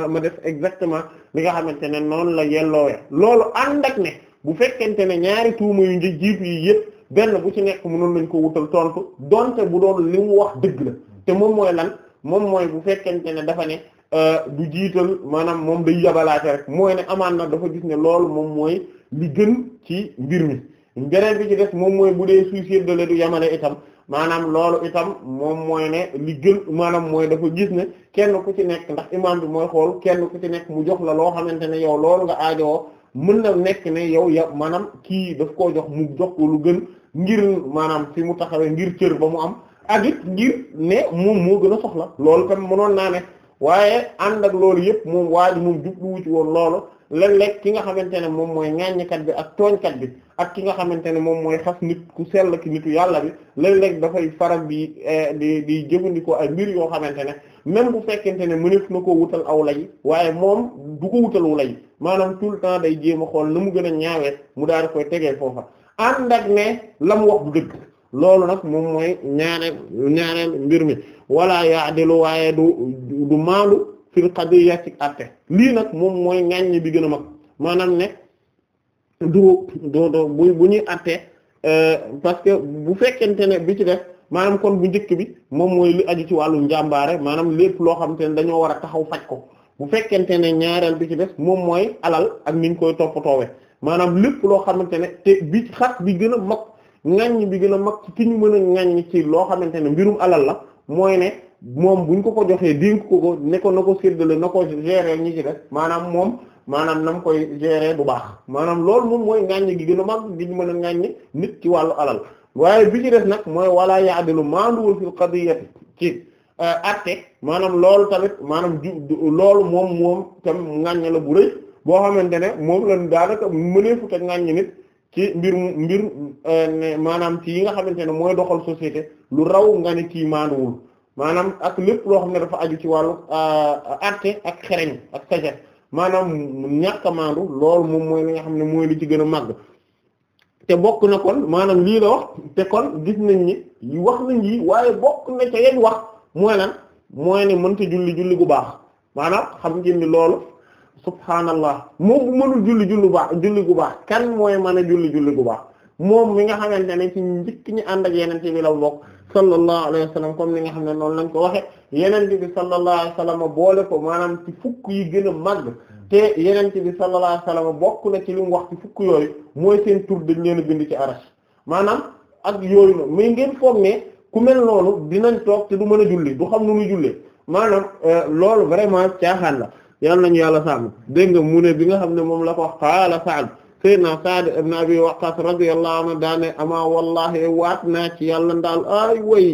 a ma def exactement li nga xamante ne noonu la yelloowee loolu ànd ne bu fekkente ne ñaari tuuma yu ngi jiitu yi yëpp benn bu ci nekk mënoon lañ ko wutal tontu donte bu doon li mu wax dëgg la te moom mooy lan moom mooy bu fekkente ne dafa ne euh, du jiital maanaam moom day yabalaate rek mooy ne amaan na dafa gis ne loolu moom mooy li gën ci mbir mi beneen bi ci def moom mooy bu dee suy séddale du yamale itam maanaam loolu itam moom mooy ne li gën maanaam mooy dafa gis ne kenn ku ci nekk ndax imaam bi mooy xool kenn ku ci nekk mu jox la loo xamante ne yow loolu nga aajowoo mën na nekk ne yow ya maanaam kii daf koo jox mu jox ko lu gën ngir maanaam fi mu taxawee ngir cër ba mu am ak it ngir ne moom moo gën a soxla loolu tam mënoon naa ne waaye ànd ak loolu yëpp moom waa ji moom jubluwu ci woon loolu léeg ki nga xamante ne moom mooy ŋaññikat bi ak tooñkat bi ak ki nga xamante ne moom mooy xas nit ku sell ki nitu yàlla bi léeg-léeg dafay faral di eh, di di jëfandikoo ay mbir yoo xamante ne même bu fekkente ne mëneef na koo wutal aw lay waaye moom du ko wutal wu lay maanaam tout le temps day jéem a xool na mu gën a ñaawee mu daal di koy tegee foofa ànd ak ne la mu wax du dëgg loolu nag moom mooy ñaareel ñaareel mbir mi wala yaadilu waaye du du maandu fil qadiyya ci àtte lii nag moom mooy ŋaññi bi gën a mag maanaam ne. du doo doo bu bu ñuy attee euh, parce que bu fekkente ne bi ci def maanaam kon bu njëkk bi moom mooy li aju ci wàllu njàmbaare maanaam lépp loo xamante ne dañoo war a taxaw faj ko bu fekkente ne ñaareel bi ci def moom mooy alal ak niñ koy toppatoowe maanaam lépp loo xamante ne te bi xas bi gën a mag ŋaññ bi gën a mag ci ki ñu mën a ŋaññ ci loo xamante ne mbirum alal la mooy ne moom buñ ko ko joxee dénk ko ko ne ko na ko séddale na ko gérer ñi ci def maanaam moom maanaam nam koy gérer bu baax maanaam loolu moom mooy ŋàññi gi gën a mag gi ñu mën a ŋàññi nit ci wàllu alal waaye bi ci des nag mooy wala yaadilu maanduwul fil qadiyati ci euh, atte maanaam loolu tamit maanaam ju loolu moom moom tam ŋàññi la bu rëy boo xamante ne moom lan daanaka mëneefu te ŋàññi nit ci mbir mbir euh, maanaam ci yi nga xamante ne mooy doxal société lu raw nga ne kii maanduwul maanaam ak lépp loo xam ne dafa aju ci wàllu euh, atte ak xereñ ak sagesse maanaam ñàkk a maandu loolu moom mooy li nga xam ne mooy li ci gën a màgg te bokk na kon maanaam lii la wax te kon gis nañ ni yi wax nañ yi waaye bokk na ca yéen wax mooy lan mooy ne mënta julli julli gu baax maanaam xam ngeen ni loolu subhaanallah moom bu mënul julli julli baax julli gu baax kan mooy mën a julli julli gu baax moom mi nga xamante ne ci njëkk ñi ànd ak yeneen ci bi la bokk sallallahu alayhi wa sallam comme ni nga xam ne noonu lañ ko waxe yeneen bi sallallahu alayhi wa boole ko maanaam ci fukk yi gën mag màgg te yeneen bi sallallahu alayhi wa sallam bokk na ci li mu wax ci fukk yooyu mooy seen tur dañ leen a bind ci arash maanaam ak yooyu noonu mais ngeen foog ne ku mel noonu dinañ toog te du mën a julli du xam nu muy jullee maanaam euh, loolu vraiment caaxaan la yàlla nañu yàlla sàmm dégg nga mu ne bi nga xam ne moom la ko wax xaala Sa'd sayyidina Sa'd ibn Abi Waqqas radiyallahu anhu daane ama wallahi waat naa ci yàlla ndaal ay way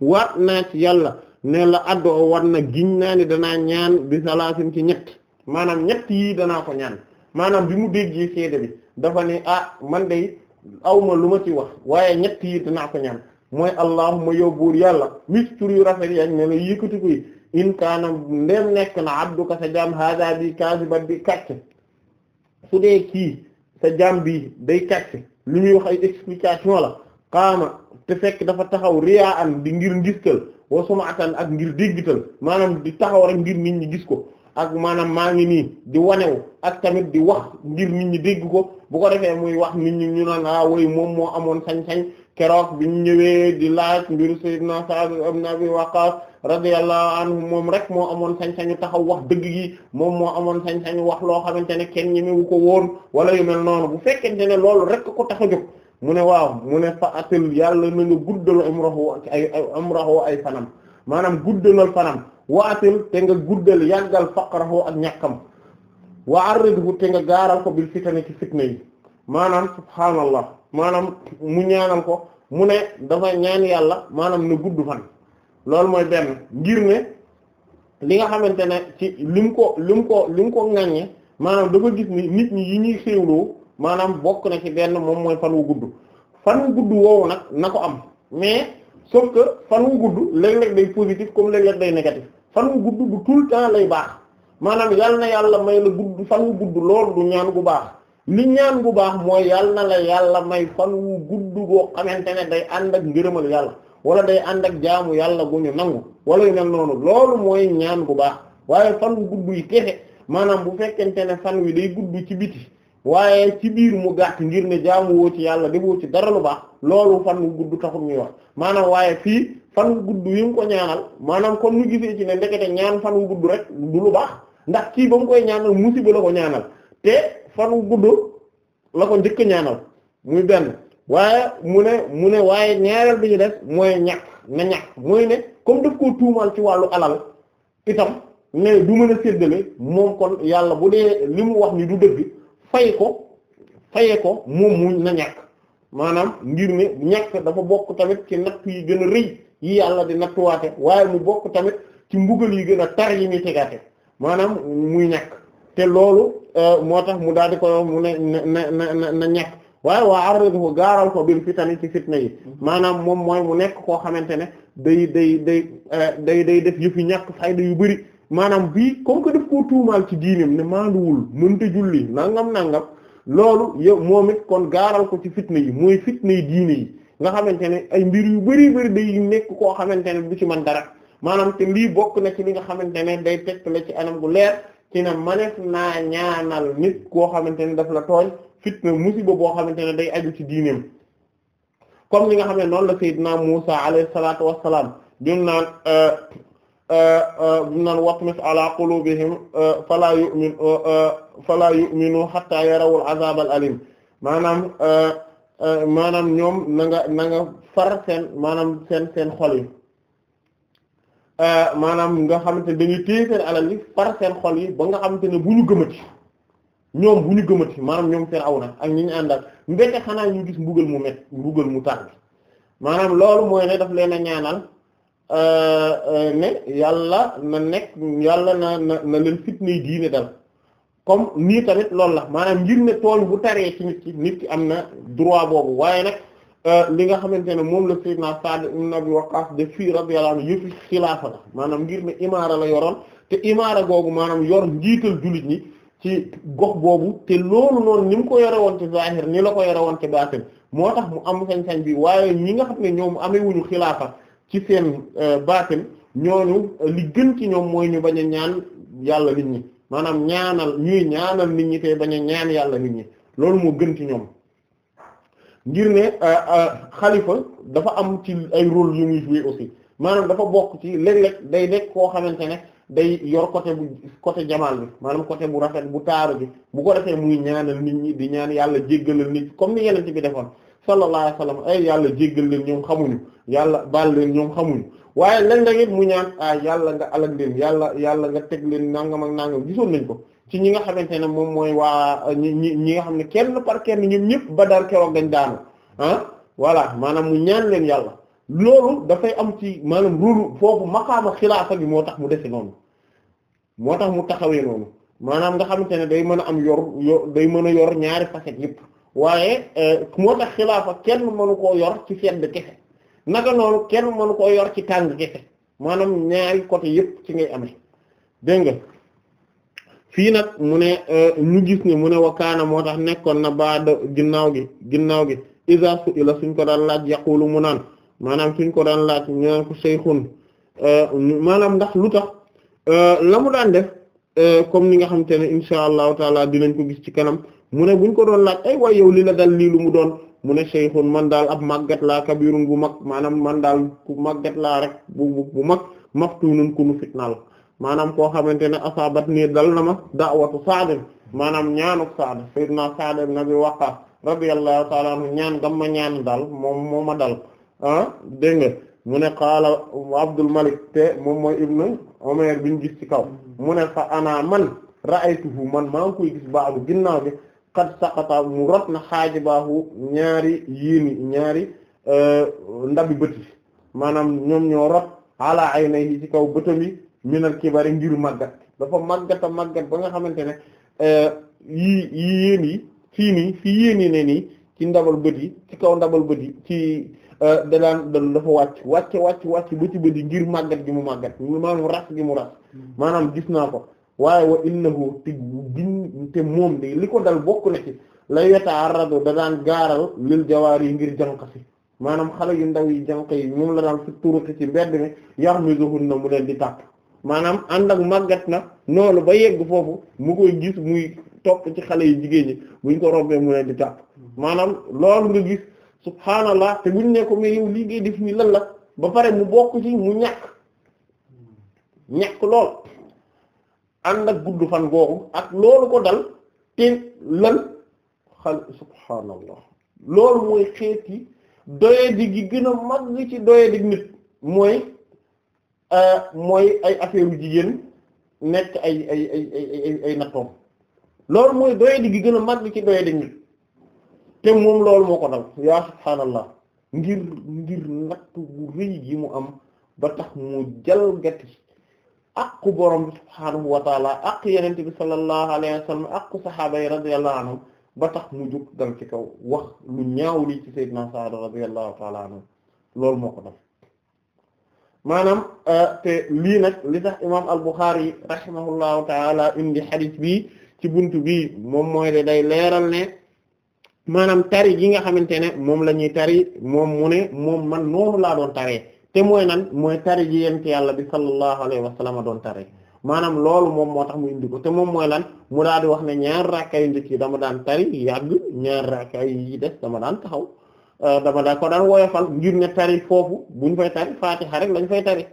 waat naa ci yàlla ne la addoo war na giñ naa ni danaa ñaan bi salaasin ci ñett maanaam ñett yii danaa ko ñaan maanaam bi mu déggee seede bi dafa ne ah man day awma lu ma ci wax waaye ñett yi danaa ko ñaan mooy allahumma yow buur yàlla mis tur yu rafet yak ne la koy in kaana ndem nekk na abduka sa jaam hada bi kaasibat bi kàcc su dee kii te jaam bi day kàcc li muy wax ay explication la qaama te fekk dafa taxaw riyaa an di ngir ngistal wa sum'atan ak ngir déggital maanaam di taxaw rek ngir nit ñi gis ko ak maanaam maa ngi nii di wanew ak tamit di wax ngir nit ñi dégg ko bu ko defee muy wax nit ñi ñu naan ah, woy moom moo amoon sañ-sañ keroog bi ñu ñëwee di laaj mbiru sayyidna Sa'd ibn Abi Waqqas radiyallahu anhu moom rek moo amoon sañ-sañu taxaw wax dëgg gi moom moo amoon sañ-sañu wax loo xamante ne kenn ñemewu ko woon wala yu noonu bu fekkente ne loolu rek ko tax a jóg mu ne waaw mu ne fa atel yàlla na nga guddal umrahu ay umrahu fanam maanaam guddalal fanam wa atel te nga guddal yàggal faqrahu ak ñàkkam wa arridhu te nga gaaral ko bil fitani ci fitna yi maanaam subhaanallah maanaam mu ñaanal ko mu ne dafa ñaan yàlla maanaam na gudd fan loolu mooy benn ngir ne li nga xamante ne ci lim ko lim ko lim ko ŋaññe maanaam dafa gis ni nit ñi yi ñuy xéewloo maanaam bokk na ci benn moom mooy fan wu gudd fan wu gudd woowu nag na ko am mais sauf que fan wu gudd léeg-léeg day positif comme léeg-léeg day négatif fan wu gudd du tout le temps lay baax maanaam yal na yàlla may la gudd fan wu gudd loolu du ñaan gu baax li ñaan gu baax mooy yal na la yàlla may fan wu gudd goo xamante ne day ànd ak ngërëmal yàlla wala day ànd ak jaamu yàlla gu ñu nangu wala yu mel noonu loolu mooy ñaan gu baax waaye fan wu gudd yi kese maanaam bu fekkente ne fan wi day gudd ci biti waaye ci biir mu gàtt ngir ne jaamu woo ci yàlla defoo ci dara lu baax loolu fan wu gudd taxul ñuy wax maanaam waaye fii fan wu gudd yi mu ko ñaanal maanaam comme nu gisee ci ne ndekete ñaan fan wu gudd rek du lu baax ndax kii ba mu koy ñaanal musiba la ko ñaanal te fan wu gudd la ko njëkk ñaanal muy waaye mu ne mu ne waaye ñaareel bi ñu def mooy ñàkk na ñàkk mooy ne comme daf koo tuumal ci wàllu alal itam ne du mën a séddale moom kon yàlla bu dee li mu wax ni du dëgg fay ko faye ko moom mu na ñàkk maanaam ngir ne ñàkk dafa bokk tamit ci natt yi gën a rëy yi yàlla di nattuwaate waaye mu bokk tamit ci mbugal yi gën a tar yi muy tegaate maanaam muy ñàkk te loolu euh, moo tax mu daal di ko mu ne na na ñàkk waaye waa arridhu gaaral ko bil fitani ci fitna yi mhm. maanaam moom mooy mu nekk koo xamante ne day day day eh, day day def yëfi ñàkk fayda yu bëri maanaam bii comme que daf koo tuumaal ci diinim ne maanduwul julli nangam nangam loolu yow moom it kon gaaral ko ci fitna yi mooy fitna yi diine nga xamante ne ay mbir yu bëri bëri day nekk koo xamante ne du ci man dara maanaam te lii bokk na ci li nga xamante ne day tegtale ci anam gu leer ci na maneef naa ñaanal nit koo xamante ne daf la tooñ fitna musiba boo xamante ne day aju ci diineem comme ni nga xam ne noonu la sayyidina Musa alayhi salaatu wassalaam bi mu naan bi euh, euh, euh, mu naan watmis ala qulubihim fala yu'minu fala yu'minu hatta yarawul azab al alim maanaam maanaam ñoom na nga na far seen maanaam seen seen xol yi maanaam nga xamante ne dañuy téye alal yi far seen xol yi ba nga xamante ne bu ñu gëmati ñoom bu ñu gëmati maanaam ñoom Firawna ak ñi ñu ànd mbete xanaa ñu gis mbugal mu met mbugal mu tar maanaam loolu mooy ne daf leen a ñaanal euh, euh, ne yàlla na nekk yàlla na na na leen fitna diine dal comme nii tamit loolu la maanaam ngir ne tooñ bu taree ci nit ki nit ki am na droit boobu waaye nag euh, li nga xamante ne moom la sayyidna Sa'd ibn Abi Waqqas de fii radiyallahu anhu yëfi xilaafa la maanaam ngir ne imaara la yoroon te imaara googu maanaam yor njiital jullit ñi ci gox boobu te loolu noonu ni mu ko yore woon ci zahir ni la ko yore woon ci baatin moo tax mu am sañ-sañ bi waaye ñi nga xam ne ñoom amewuñu xilaafa ci seen euh, baatin ñooñu euh, li gën ci ñoom mooy ñu bañ a ñaan yàlla nit ñi maanaam ñaanal ñuy ñaanal nit ñi te bañ a ñaan yàlla nit ñi loolu moo gën ci ñoom ngir ne euh, xalifa dafa am ci ay rôle yu muy jouer aussi maanaam dafa bokk ci léeg-léeg day nekk koo xamante ne day yor côté bu côté jamaal bi maanaam côté bu rafet bu taaru bi bu ko defee muy ñaanal nit ñi di ñaan yàlla jéggalal nit comme ni yeneen ci bi defoon sallallahu alayhi wa ay yàlla jéggal leen ñoom xamuñu yàlla baal leen ñoom xamuñu waaye lan da ngeen mu ñaan ah yàlla nga alag leen yàlla yàlla nga teg leen nangam ak nangam gisoon nañ ko ci ñi nga xamante ne moom mooy waa ñi ñi ñi nga xam ne kenn par kenn ñoom ñëpp ba dar keroog dañ daanu ah voilà maanaam mu leen yàlla loolu dafay am ci maanaam rôle foofu maqaama xilaafa bi moo tax mu dese noonu moo tax mu taxawee noonu maanaam nga xamante ne day mën a am yor yor day mën a yor ñaari facettes yëpp waaye eh, moo tax xilaafa kenn mënu koo yor ci sedd kese naka noonu kenn mënu koo yor ci tàng kese maanaam ñaari côté yëpp ci ngay amee dégg nga fii nag mu ne eh, ñu gis ne mu ne wakaana moo tax nekkoon na baada ginnaaw gi ginnaaw gi isa su ila suñ ko daan laaj yaqulu mu naan maanaam suñ ko daan laaj ñu naan ko euh, maanaam ndax lu tax euh, la mu daan def euh, comme ni nga xamante ne insha allahu taala dinañ ko gis ci kanam mu ne buñ ko doon laaj ay waay yow li la dal lii lu mu doon mu ne sayxun man daal ab màggat laa kabirun bu mag maanaam man daal ku màggat laa rek bu bu mag maftunun ku nu fitnaal maanaam koo xamante ne asaabat nii dal na ma da'watu Sa'd maanaam ñaanu Sa'd sayyidina Sa'd ibn Abi Waqqas radiyallahu taala anhu ñaan gam ma ñaan daal moom ma dal ah dégg nga mu ne qaala Abdul Malik te moom mooy ibnu Umayr biñ gis ci kaw mu ne fa ana man ra'aytuhu man maa ngi koy gis ba'du ginnaaw bi qad saqata mu rot na xaaji xaajibaahu ñaari yéeni ñaari euh, ndabi bët yi maanaam ñoom ñoo rot ala aynayhi ci kaw bëtam yi minal kibari ngir màggat dafa màggata màggat ba nga xamante ne euh, yii yii yéen yi fii nii fii yéen ne nii ci ndabal bët yi ci kaw ndabal bët yi ci Euh, da daan dafa wàcc wàcc wàcc wàcc ba ci bëdi ngir màggat gi mu màggat maanaam ras gi mu ras hmm. maanaam gis naa ko waaye wa innahu te gin te moom de li ko dal bokk na ci la yataarado da daan gaaral lil jawaar yi ngir jànq si maanaam xale yu ndaw yi jànq yi moom la daan fi turuqi ci mbedd mi yax misohun na mu leen di tàpp maanaam ànd ak màggat na noonu ba yegg foofu mu koy gis muy topp ci xale yi jigéen ñi buñ ko robbee mu leen di tàpp hmm. maanaam subhaanallah te buñ ne ko mais yow lii def nii lan la ba pare mu bokk ci mu ñakk ñàkk lool ànd ak gudd fan googu ak loolu ko dal te lan xal subhaanallah loolu mooy xeeti doyadi gi gën a mag ci doyadi nit mooy euh, mooy ay affaire u jigéen nekk ay ay ay ay ay ay nattoom loolu mooy doyadi gi gën a mag ci doyadi nit te moom loolu moo ko dal yaa subhaanallah ngir ngir natt bu rëy gi mu am ba tax mu jalgati aqu borom bi subhaanahu wa taala aqu yenente bi sallallahu alayhi wa sallam aqu sahaaba yi radiyallahu anhum ba tax mu jóg dal ci kaw wax lu ñaaw lii ci sayyidina Sa'd radiyallahu taala anhu loolu moo ko dal maanaam euh, te lii nag li tax imam al-Bukhari rahimahullahu taala indi xadis bi ci buntu bi moom mooy de day leeral ne maanaam tari gi nga xamante ne moom la ñuy tari moom mu ne moom man noonu laa doon taree te mooy nan mooy tari ji yent yàlla bi sallallahu alayhi wa sallam doon tare maanaam loolu moom moo tax mu indi ko te moom mooy lan mu daal wax na ñaar rakka yu njëkk dama daan tari yàgg ñaar rakka yi des dama daan taxaw euh, dama daan ko daan njir ngir ne tari foofu buñ fay tari fatiha rek lañ fay tari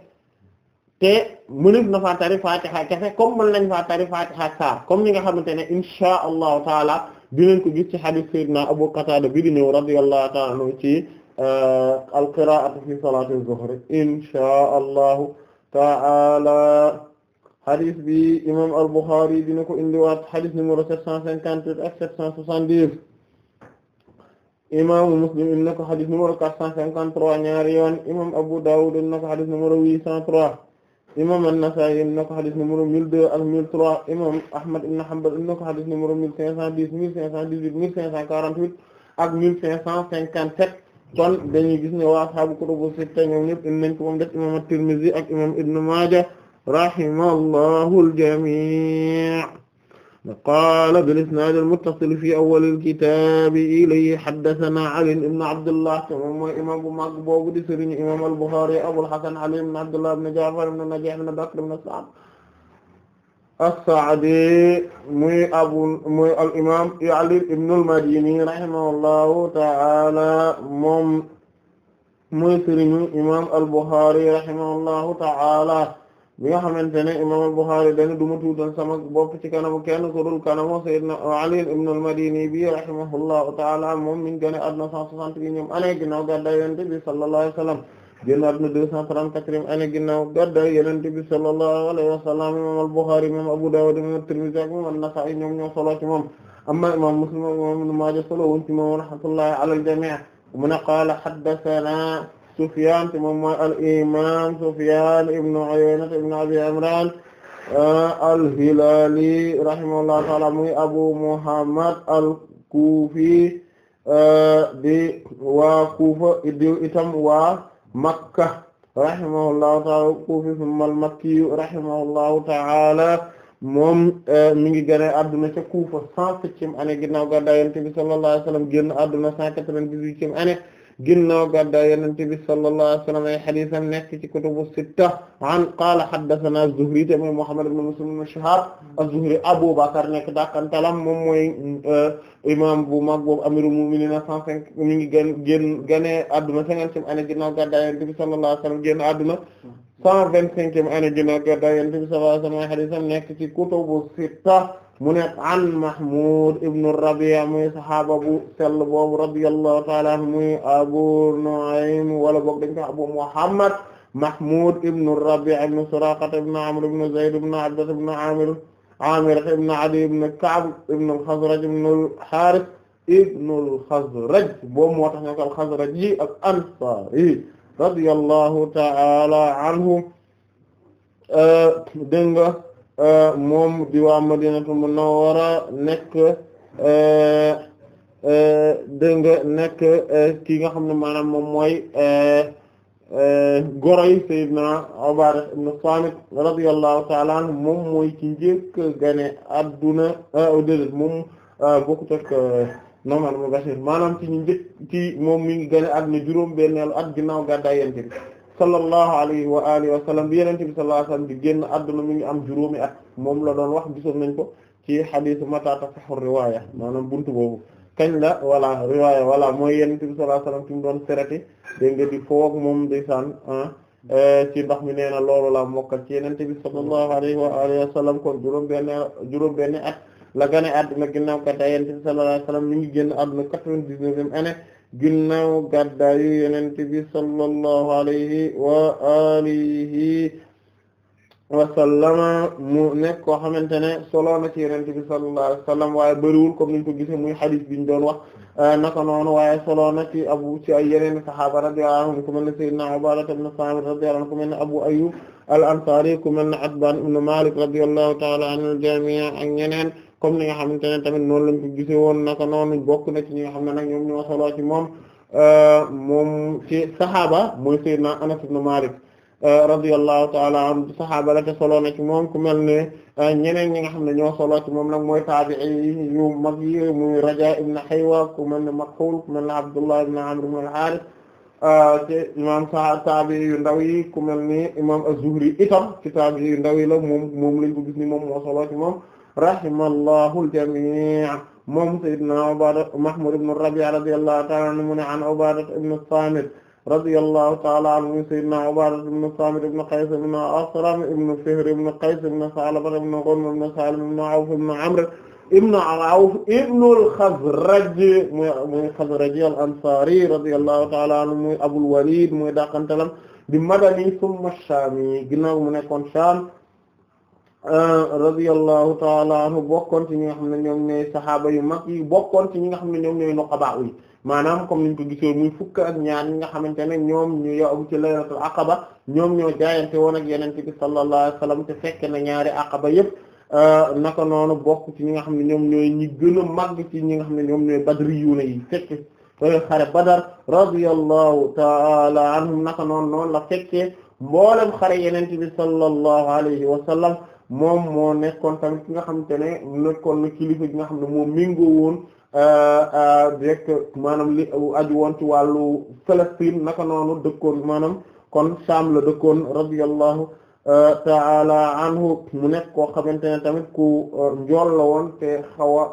te mënef na faa tari fatiha kese comme mën nañ faa tari fatiha saar comme ni nga xamante ne insha allahu taala dinañ ko gis ci hadith Abu Qatada bi di ñëw radiyallahu euh, al-qira'atu fi salati az-zuhr insha allahu ta'ala hadith bi imam al-Bukhari dina ko indiwaat hadith numéro 758 ak 770 imam Muslim dina ko hadith numéro 453 ñaari yoon imam Abu Dawud dina ko hadith numéro 803 imam an-Nasa'i indi na ko xadis numéro mille deux ak mille trois imam Ahmad ibn Hanbal indi na ko xadis numéro mille cinq cent dix mille cinq cent dix-huit mille cinq cent quarante-huit ak mille cinq cent cinquante-sept kon dañuy gis ne waa ashaabu kutubu sitta ñoom ñëpp indi nañ ko moom def imam at-Tirmidhi ak imam Ibn Maaja rahimahullahu al-jami' qaala bil-isnaad al-muttasil fii awwal al-kitaab ilayhi haddathanaa Ali ibn Abdullah moom mooy imaam bu mag boobu di sëriñ imaam al-Bukhaari Abul Hasan Ali ibn Abdullah ibn Ja'far ibn Najiih ibn Bakr ibn Sa'd as-Sa'di muy abu muy al-imaam Ali ibn al-Madini rahimahullahu ta'aala moom muy sëriñ imaam al-Bukhaari rahimahullahu ta'aala bi nga xamante ne imam al-Bukhari dana duma tuutal sama bopp ci kanamu kenn ko dul kanamu sayyidna Ali ibn al-Madini bi rahimahullahu ta'ala moom mi ngi gën a adduna 160 yi ñoom année ginnaaw gàddaay Yonent bi sallallahu alayhi wa sallam génn adduna 234 année ginnaaw gàddaay Yonent bi sallallahu alayhi wa sallam imam al-Bukhari imam Abu Dawud imam at-Tirmidhi ak imam an-Nasa'i ñoom ñoo solo ci moom amma imam Muslim imam Ibn Maaja solo woon ci moom rahmatullahi ala al-jami' mu ne qaala haddathana Sufyan te moom mooy al imam Sufyan ibn Abi Imran ah, al-Hilali rahimahullahu ta'ala muy Abu Muhammad al-Kufi ah, di waa Kufa itam waa Makka rahimahullahu ta'ala al-Kufi thumma al-Makki rahimahullahu ta'ala eh, ngi gane adduna ca Kufa cent septième année ginnaaw gàddaay Yonent bi sallallahu alayhi wa sallam génn adduna cent quatre-vingt-dix-huitième ginnaaw gaddaa yenente bi sallallahu alayhi ay xadisam nekk ci kutubu sitta an qaala haddathana az-Zuhri te mooy Muhammad ibn Muslim ibn Shihab az-Zuhri Abu Bakr nekk dakantalam moom mooy euh, imam bu mag boobu amirul a cent cinq mi ngi gën gën gane adduna cinquantième année ginnaaw gaddaa yenente bi sallallahu alayhi wa sallam génn adduna cent vingt-cinquième année ginnaaw gaddaa bi sallallahu alayhi wa sallam ay xadisam nekk ci kutubu sitta mu ne an Mahmoud ibn Rabi'a muy saxaaba bu sell boobu radiyallahu ta'ala anhu muy Abu Nu'aym wala boog dañ ko Abu Muhammad Mahmoud ibn Rabi'a ibn Suraqata ibn Amr ibn Zayd ibn Abdas ibn Amir Amir ibn Adi ibn Ka'b ibn al-Khazraj ibn al-Harith ibn al-Khazraj boobu moo tax ñu ko al-Khazraj yi ak Ansari radiyallahu ta'ala anhu dégg nga Euh, moom di waa Madinatu Munawwara nekk euh, euh, dégg nga nekk ki nga xam ne maanaam moom mooy goroy Seydina Ubaada ibn Saamit radiyallahu ta'ala anhu moom mooy ki njëkk gane adduna déedéet moom bokkut ak Nu'maan ibn Bashiir maanaam ci njëkk ci moom mi ngi gane adduna juróom-benneelu at ginnaaw gàddaay Yonent bi sallallahu alayhi wa alihi wa sallam bi yenente bi sallallahu wa sallam di génn adduna mi ngi am juróomi at moom la doon wax gisoon nañ ko ci xadiisu mata tasahhu riwaaya maanaam buntu boobu kañ la voilà riwaaya voilà mooy yenente bi sallallahu alayhi wa sallam ci mu doon serati dégg nga di foog moom ndeysaan ah, eh, ci ndax mi nee na loolu la mokkal ci yenente bi sallallahu alayhi wa alihi wa sallam kon juróom benn at la gane adduna ginnaaw kat daa yenente bi sallallahu alayhi wa sallam mi ngi génn adduna quatre-vingt-dix-neuvième ginnaaw gàddaayu yonent bi sallallahu alayhi wa alihi wa sallama mu nekk koo xamante ne solo na ci yonent bi sallallahu wa sallam waaye bëriwul comme niñ ko gisee muy xadis doon wax ah, naka noonu waaye solo na ci abu ci ay yeneen sahaaba radiyallahu anhum ku mel ne sayyidina Ubaada ibn Saamit Abu Ayyub al-Ansaari ku mel ne ibn Maalik radiyallahu ta'ala anil jamii' ak ñeneen comme ni nga xamante ne tamit noonu lañ ko gisee woon naka noonu bokk na ci ñi nga xam ne nag ñoom ñoo solo ci moom euh, moom ci saxaaba mooy Seydina Anas ibn Malik euh, radiyallahu ta'ala anhu saxaaba la te moom ku mel ne euh, ñeneen ñi nga xam ne ñoo solo ci moom nag mooy taabi'i yu mag yi muy Raja ibn Haywa ku mel ne Makhul ku mel ne Abdullah ibn Amr ibn al yu ndaw yi ku mel ni imam az-Zuhri itam ci taabii yu ndaw yi la moom moom lañ ko ni moom moo solo ci moom rahimallahu al-jamii' moom sayyidina Ubaada Mahmud ibn Rabi'a radiyallahu ta'ala anhu mu ne an Ubaada ibn Saamit radiyallahu ta'ala anhu sayyidina Ubaada ibn Saamit ibn Qays ibn Asram ibn Fihr ibn Qays ibn Sa'laba ibn Ghanm ibn Salim ibn Awf ibn Amr ibn Awf ibn al-Khazraj muy Khazraji al-Ansaari radiyallahu ta'ala anhu muy Abul Walid muy dàqantalam di Madani summa Shaami ginnaaw mu nekkoon Shaam radiyallahu taala anhu bokkoon ci ñi nga xam ne ñoom ñooy saxaaba yu mag yi bokkoon ci ñi nga xam ne ñoom ñooy no yi maanaam comme niñ ko gisee muy fukk ak ñaar ñi nga xamante ne ñoom ñu yow ci laylatul aqaba ñoom ñoo jaayante woon ak yonent bi sallallahu alayhi wasallam te fekk na ñaari aqaba yépp euh, naka noonu bokk ci ñi nga xam ne ñoom ñooy ñi gën a màgg ci ñi nga xam ne ñoom ñooy badriyuuna yi fekk euh, xare badar radiyallahu taala anhum naka noonu noonu la fekkee mboolem xare yonent bi sallallahu alayhi wasallam moom moo nekkoon tamit ki nga xamante ne nekkoon na kilifa ki nga xam ne moom méngoo woon euh, euh, rek maanaam li aju woon ci wàllu Palestine naka noonu dëkkoon maanaam kon Saam la dëkkoon radiyallahu euh, ta'ala anhu mu nekk koo xamante ne tamit ku njool la woon te xaw a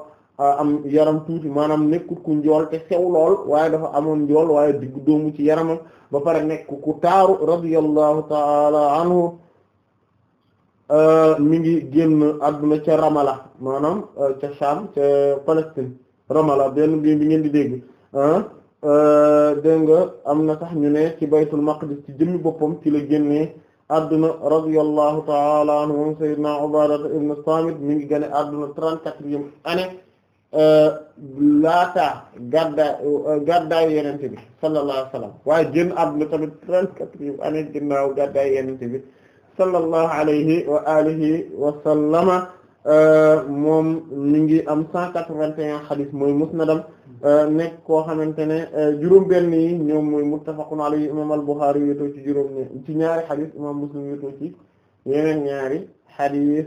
am yaram tuuti maanaam nekkut ku njool te sew lool waaye dafa amoon njool waaye digg doomu ci yaramam ba pare nekk ku taaru radiyallahu ta'ala anhu Euh, mi ngi génn adduna ca Ramala maanaam euh, ca Sham ca Palestine Ramala benn bi bi ngeen di dégg ah, euh, dégg nga am na sax ñu ne ci baytul maqdis ci jëmmi boppam ci la génnee àdduna radiyallahu ta'ala anhu moom sayyidina Ubaada ibn Saamit mi ngi génne àdduna trente-quatrième année laata gadda gaddaay yenente bi sallallahu alayhi wasallam waaye génn àdduna tamit trente-quatrième année ginnaaw gaddaay yenente bi sallallahu alayhi wa alihi wa sallama euh, moom mi ngi am 181 xadis mooy musnadam euh, nekk koo xamante ne euh, juróom-benn yi ñoom mooy muttafaqun alayhi imam al-Bukhari ci juróom ci ñaari xadis imam Muslim wéetoo ci yeneen ñaari xadis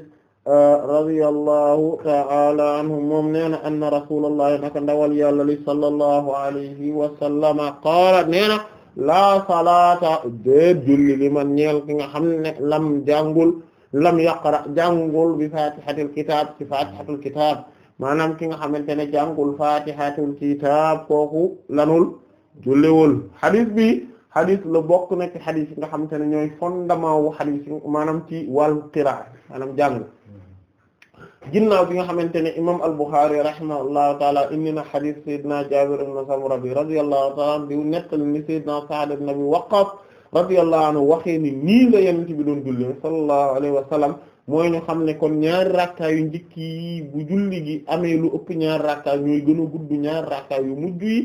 radiyallahu ta'ala anhu moom nee na anna rasulullahi naka ndawal yàlla li sallallahu alayhi wa qaala nee laa salaata déet julli li ñeel ki nga xam ne lam jàngul lam yaqra jàngul bi fatihatul kitab ci fatihatul kitab maanaam ki nga xamante ne jàngul fatihatul kitab kooku lanul julliwul xadis bi xadis la bokk na ci xadis yi nga xamante ne ñooy fondement wu xadis maanaam ci wàllu qira'a maanaam jàng ginnaaw bi nga xamante ne imam al-Bukhari rahimahullahu taala indi na xadis sayyidina Jaabir ibn Samura bi radiyallahu taala anhu di nettali ni sayyidina Sa'd ibn Abi Waqqas radiyallahu anhu waxee nii la yenente bi doon julli sallallahu alayhi wa sallam mooy ñu xam ne kon ñaari rakka yu njëkk yi bu julli gi amee lu ëpp ñaari rakka ñooy gën a gudd ñaari rakka yu mujj yi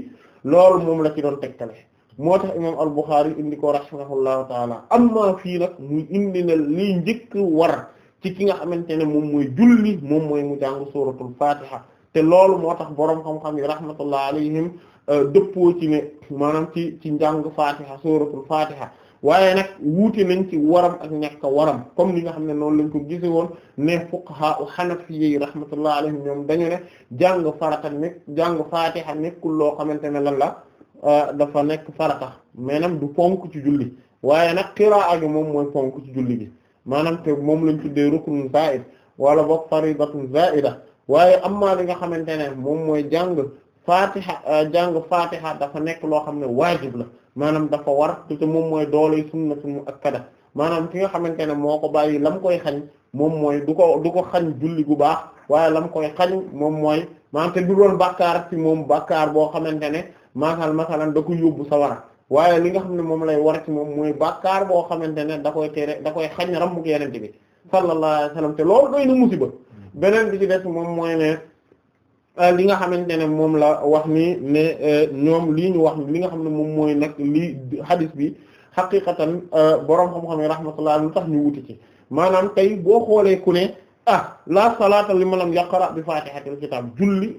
loolu moom la ci doon tegtale moo tax imam al-Bukhari indi ko rahimahullahu taala amma fii nag mu indi na li njëkk war ci ki nga xamante ne moom mooy julli moom mooy mu jàng suratul fatiha te loolu moo tax boroom xam-xam yi rahmatullah alayhim euh, dëppoo ci ne maanaam ci ci njàng fatiha suratul fatiha waaye nag wuute nañ ci waram ak ñàkk waram comme li nga xam ne noonu lañ ko gise woon ne fuqaha u hanafiyyi rahmatullah alayhim ñoom dañu ne jàng farata nekk jàng fatiha nekkul loo xamante ne lan la euh, dafa nekk farata maanaam du ponk ci julli waaye nag qiraa gi moom mooy ponk ci julli gi maanaam te moom lañ tuddee ruknun zaid wala boog faridatun zaida waaye amma li nga xamante ne moom mooy jàng fatiha euh, jàng fatiha dafa nekk loo xam ne waajib la maanaam dafa war te moom mooy doole sunna mu akkada maanaam ki nga xamante ne moo ko bàyyi lam koy xañ moom mooy du ko du ko xañ julli gu baax waaye lam koy xañ moom mooy maanaam te du doon bàkkaar ci moom bàkkaar boo xamante ne maasal masalan da ko yóbbu sawara waaye li nga xam ne moom lay war ci moom mooy kaar boo xamante ne da koy tere da koy xañ ràmmug yeneen bi sallallahu alayhi wa sallam te loolu doy na musiba beneen bi ci des moom mooy euh, li nga xamante ne moom la wax ni euh, ñoom lii ñu wax li nga xam ne moom mooy nag lii hadis bi xaqiqatan euh, borom xam-xam yi rahmatullah lu tax ñu wuti ci maanaam tey boo xoolee ku ne ah la salaata liman lam yaqra bi fatihatil kitab julli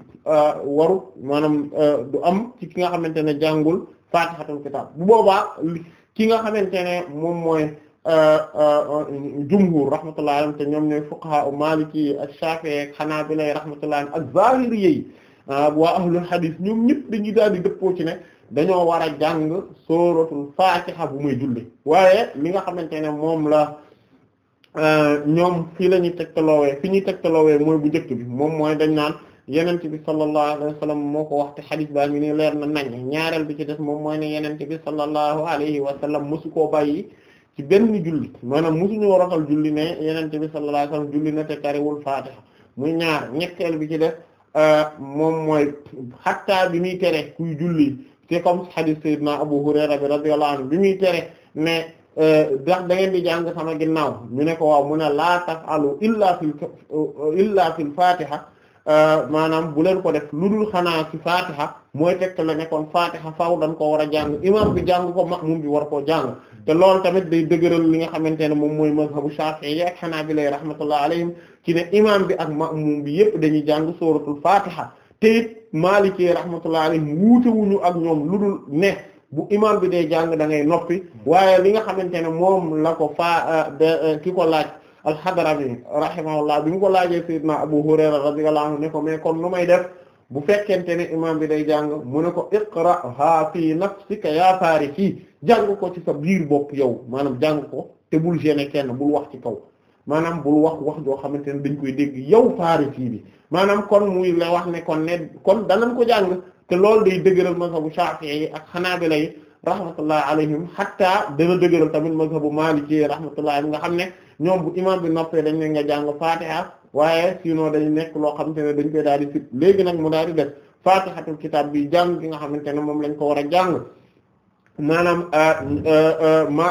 waru maanaam du am ci ki nga xamante ne jàngul. faatihatul kitaab bu boobaa ki nga xamante ne moom mooy euh, euh, jumhur rahmatullahi alayhim te ñoom ñooy fuqaha maliki ak shafi'i ak hanabila rahmatullahi ak zahiriyyi ah, waa ahlul hadith ñoom ñëpp dañuy daal di dëppoo ci ne dañoo war a jàng sooratul faatiha bu muy julli waaye li nga xamante ne moom la euh, ñoom fii la ñuy tegtaloowee fi ñuy tegtaloowee mooy bu njëkk bi moom mooy dañ naan yenent bi sallallahu alayhi wa moo ko wax te xadis baa ngi nii leer na nañ ñaareel bi ci def moom mooy ne yenent bi sallallahu alayhi wa sallam mosu koo bàyyi ci benn julli maanaam mosuñu rotal julli ne yenent bi sallallahu alayhi wa sallam julli na te tariwul faatiha muy ñaar ñetteel bi ci def euh, moom mooy xattaa bi muy tere kuy julli c'est comme xadis sayyidina Abu Hurayra bi radiyallahu anhu bi muy tere ne ndax euh, da ngeen di jàng sama ginnaaw ñu ne ko waaw mu ne laa taf'alu illa fil euh, illa fil faatiha Euh, maanaam bu leen ko def lu dul xanaa ci fatiha mooy tegte la nekkoon fatiha faaw dañ koo war a jàng imam bi jàng ko ma'mum bi war koo jàng te loolu tamit day dëgërël li nga xamante ne moom mooy mazhabu shafi'i ak hanabila rahmatullah alayhim ci ne imam bi ak ma ma'mum bi yëpp dañuy jàng soo suratul fatiha te it maliki rahmatullah alayhim wuute wuñu ak ñoom lu dul ne bu imam bi day jàng dangay noppi waaye li nga xamante ne moom la ko faa euh, euh, ki ko laaj al-Hadrami rahimahullah bi mu ko laajee Seydina Abu Hurayra radiyallahu anhu ne ko mais kon nu may def bu fekkente ne imaam bi day jàng mu ne ko iqraha fi nafsika ya Farisi jàng ko ci sa biir bopp yow maanaam jàng ko te bul gêner kenn bul wax ci kaw maanaam bul wax wax joo xamante ne dañ koy dégg yow Farisi bi maanaam kon muy la wax ne kon ne kon danañ ko jàng te loolu day dëgëral mazhabu Shafi'i ak Hanabila yi rahmatullahi alayhim hatta dana dëgëral tamit mazhabu maliki rahmatullahi nga xam ne ñoom bu imam bi noppee dañ ne nga jàng fatiha waaye sinon dañ nekk loo xamante ne dañ koy daal di fit nag mu daal di def fatihatul kitab bi jàng gi nga xamante ne moom lañ ko war a jàng maanaam euh, euh, euh, ma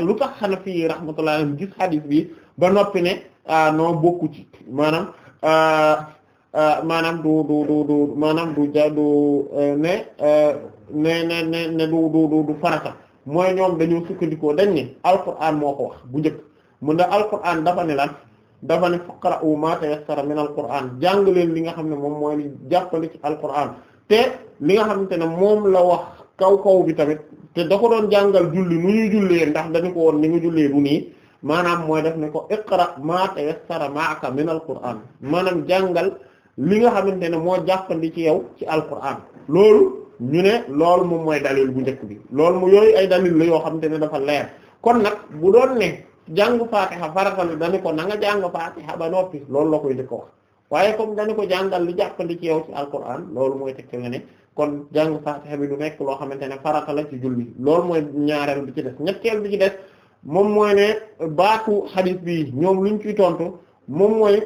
lu tax xanafi yi rahmatullahi gis hadith bi ba noppi ne noo bokku ci maanaam maanaam du du du maanaam du ja du ne ne ne ne ne du du du farata mooy ñoom dañoo sukkandikoo dañ ne alquran moo ko wax bu njëkk mun ne alquran dafa ne lan dafa ne faqra'u ma tayassara min alquran jàng leen li nga xam ne moom mooy li jàppale ci alquran te li nga xamante ne moom la wax kaw kaw bi te da ko doon jàngal julli nu ñuy jullee ndax dañu ko woon ni nga jullee maanaam mooy def ne ko iqra ma tayassara ma'aka min alquran jàngal li nga xamante ne moo jàppandi ci yow ci alquran loolu. ñu ne loolu moom mooy dalil bu njëkk bi lool mu yooyu ay dalil la yoo xam te ne dafa leer kon nag bu doon ne jàng faatixa faratal dañu ko na nga ba noppi loolu la koy ko waaye comme dañu ko jàngal lu jàppandi ci ci alquran loolu mooy teg nga ne kon jàng faatixa bi du nekk loo xamante ne farata la ci julli loolu mooy ñaareel bi ci des ñetteel bi ci des moom mooy ne baatu hadith bi ñoom luñ ciy tontu moom mooy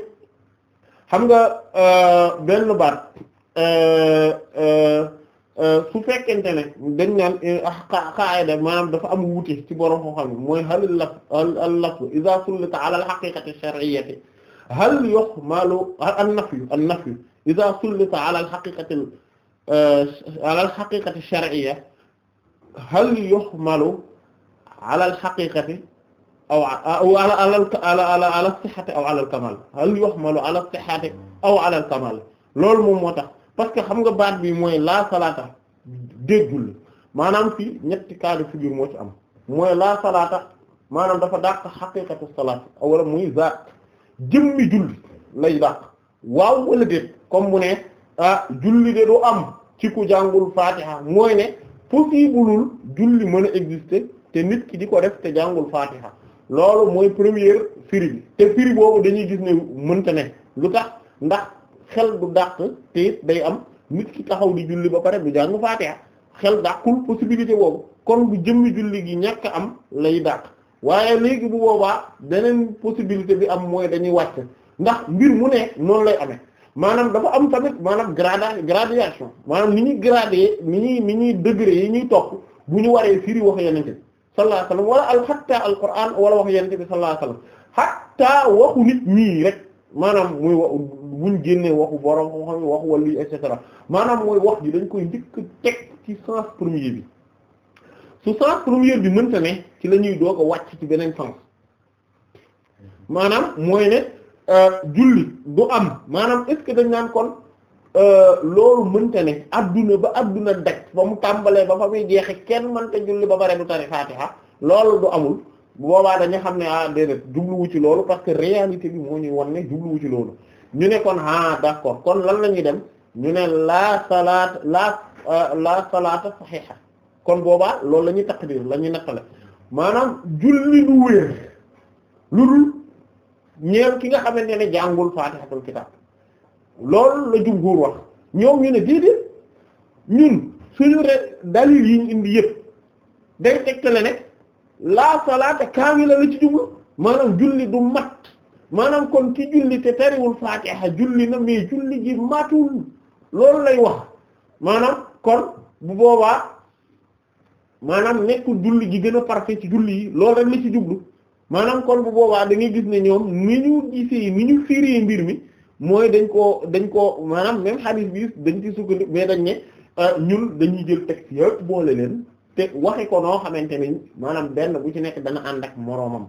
xam nga euh, benn baat euh, euh, Euh, su fekkente ne dañ naan qaa'ida euh, ah, maanaam dafa am wuute ci borom koo xam ne mooy hal laf al lafzu idha sullita ala al haqiqati shar'iyyati hal yuhmalu an nafyu an nafyu idha sullita ala al haqiqati euh, ala al haqiqati shar'iyya hal yuhmalu ala al haqiqati aw ala ala ala ala sihhati aw ala al kamal hal yuhmalu ala sihhati aw ala al kamal loolu moom moo tax parce que xam nga baat bi mooy laa salaata déggul maanaam fii ñetti cas de figure moo ci am mooy laa salaata maanaam dafa dàq xaqiqatu salaat wala muy zaat jëmmi julli lay dàq waaw wala déet comme mu ne ah julli de du am ci ku jàngul fatiha mooy ne possibleul julli mën a exister te nit ki di ko def te jàngul fatiha loolu mooy première firi bi te firi boobu dañuy gis ne mënta ne lu tax ndax xel du dàq te it day am nit ki taxaw di julli ba pare du jàng faatiha xel dàqul possibilité boobu kon bu jëmmi julli gi ñàkk am lay dàq waaye léegi bu boobaa beneen possibilité bi am mooy dañuy wàcc ndax mbir mu ne noonu lay ame maanaam dafa am tamit maanaam grada gradation maanaam ni ñuy gradé ni ñuy ni ñuy degré yi ñuy topp bu ñu waree firi wax yenente bi sallallahu alayhi wasallam wala al al wala wax yenente bi sallallahu alayhi wasallam hatta waxu nit ñii rek maanaam muy buñ génnee waxu borom waxu waxu wàllu et cetera maanaam mooy wax ji dañ koy njëkk teg ci sens premier bi su sens premier bi mënta ne ci la ñuy doog a wàcc ci beneen sens maanaam mooy ne euh, julli du am maanaam est dañ naan kon euh, loolu mënta ne adduna ba adduna daj ba mu tàmbalee ba fa muy jeexe kenn mënta julli ba bare du tari faatiha loolu du amul. boobaa dañu xam ne ah déedéet jubluwu ci loolu parce que réalité bi moo ñuy won ne jubluwu ci loolu ñu ne kon ah d'accord kon lan la ñuy dem ñu ne laa salaata laa euh, laa salaata saxiixa kon boobaa loolu la ñuy taqdir la ñuy nattale maanaam julli du wér lu dul ñeel ki nga xamante ne jàngul faatixatul kitaab loolu la jumhuur wax ñoom ñu ne déedéet ñun suñu re yi ñu indi yëpp day tegtale ne laa salaata kaamila la ci jublu maanaam julli du mat maanaam kon ki julli te terewul faatiha julli na mais julli gi matul loolu lay wax maanaam kon bu boobaa maanaam nekkul julli gi gën a parfait ci julli yi lool rek la ci jublu maanaam kon bu boobaa da gis ne ñoom ni ñu gisee ni ñu firi mbir mi mooy dañ koo dañ koo maanaam même hadith bi dañ ci sukkandiku mais dañ ne ah, ñul dañuy jël texte yëpp boole leen te waxe ko noo xamante ne maanaam benn bu ci nekk dana ànd ak moroomam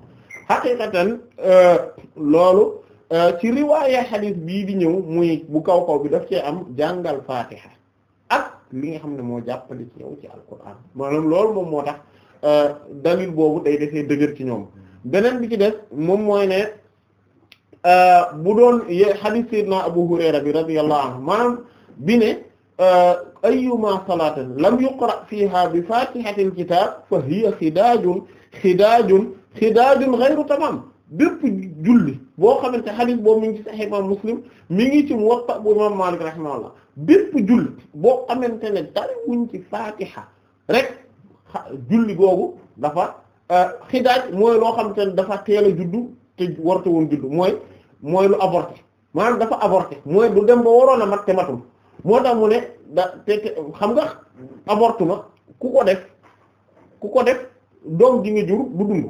xaqiqatan euh, loolu euh, ci riwaaya xadiis bii di ñëw muy bu kaw kaw bi daf cee am jàngal faatiha ak li nga xam ne moo jàppali ci yow ci alquran maanaam loolu moom moo tax euh, dalil boobu day defee dëgër ci ñoom beneen bi ci def moom mooy ne bu doon xadiis sayyidina Abu Hurayra bi radiyallahu anhu maanaam bi ne ayyuma salaatin lam yuqra fiha bi fatihatil kitab fa hiya xidaajun xidaajun xidaadun ghayru tamam bépp julli boo xamante xadis boobu mi ngi ci Sahih Imam Muslim mu ngi ci Muwatta bu Imam Malik rahimahullah bépp julli boo xamante ne dara ci Fatiha rek julli googu dafa euh, xidaaj mooy loo xamante ne dafa teel a juddu te warta woon juddu mooy mooy lu avorté maanaam dafa avorté mooy du dem ba waroon a mat te matum moo tax mu ne xam nga avortu na ku ko def ku ko def doom ji nga jur du dund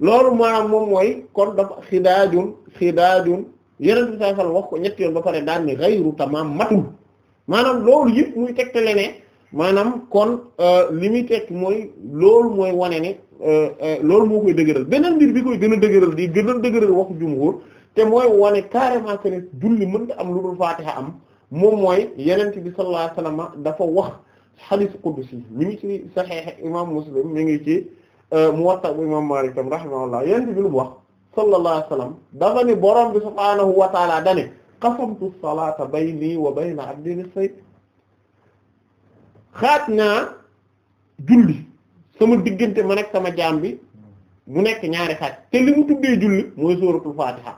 loolu maanaam moom mooy kon dafa xidaajun xidaajun yeneen bi sallallahu wax ko ñetti yoon ba pare daan ni xayru tamaam matul maanaam loolu yëpp muy tegtale ne maanaam kon euh, li muy teg mooy loolu mooy wane ne euh, euh, loolu moo koy dëgëral beneen mbir bi koy gën a dëgëral di gën a dëgëral waxu jumhur te mooy wane carrément que ne julli mënta am lu dul faatiha am moom mooy yeneen bi sallallahu alayhi wasallam dafa wax hadith qudsi mi ngi ci muslim mi ngi ci Euh, Muwatta bu imam Maalik tam rahimahullah yonent bi lu wax sallallahu alayhi wa sallam dafa ni borom bi subhaanahu wa taala dane qasamtu salaata bayni wa bayna abdi bis-sayf xaat naa julli sama diggante man ak sama jaam bi mu nekk ñaari xaaj te li mu tuddee julli mooy suratul fatiha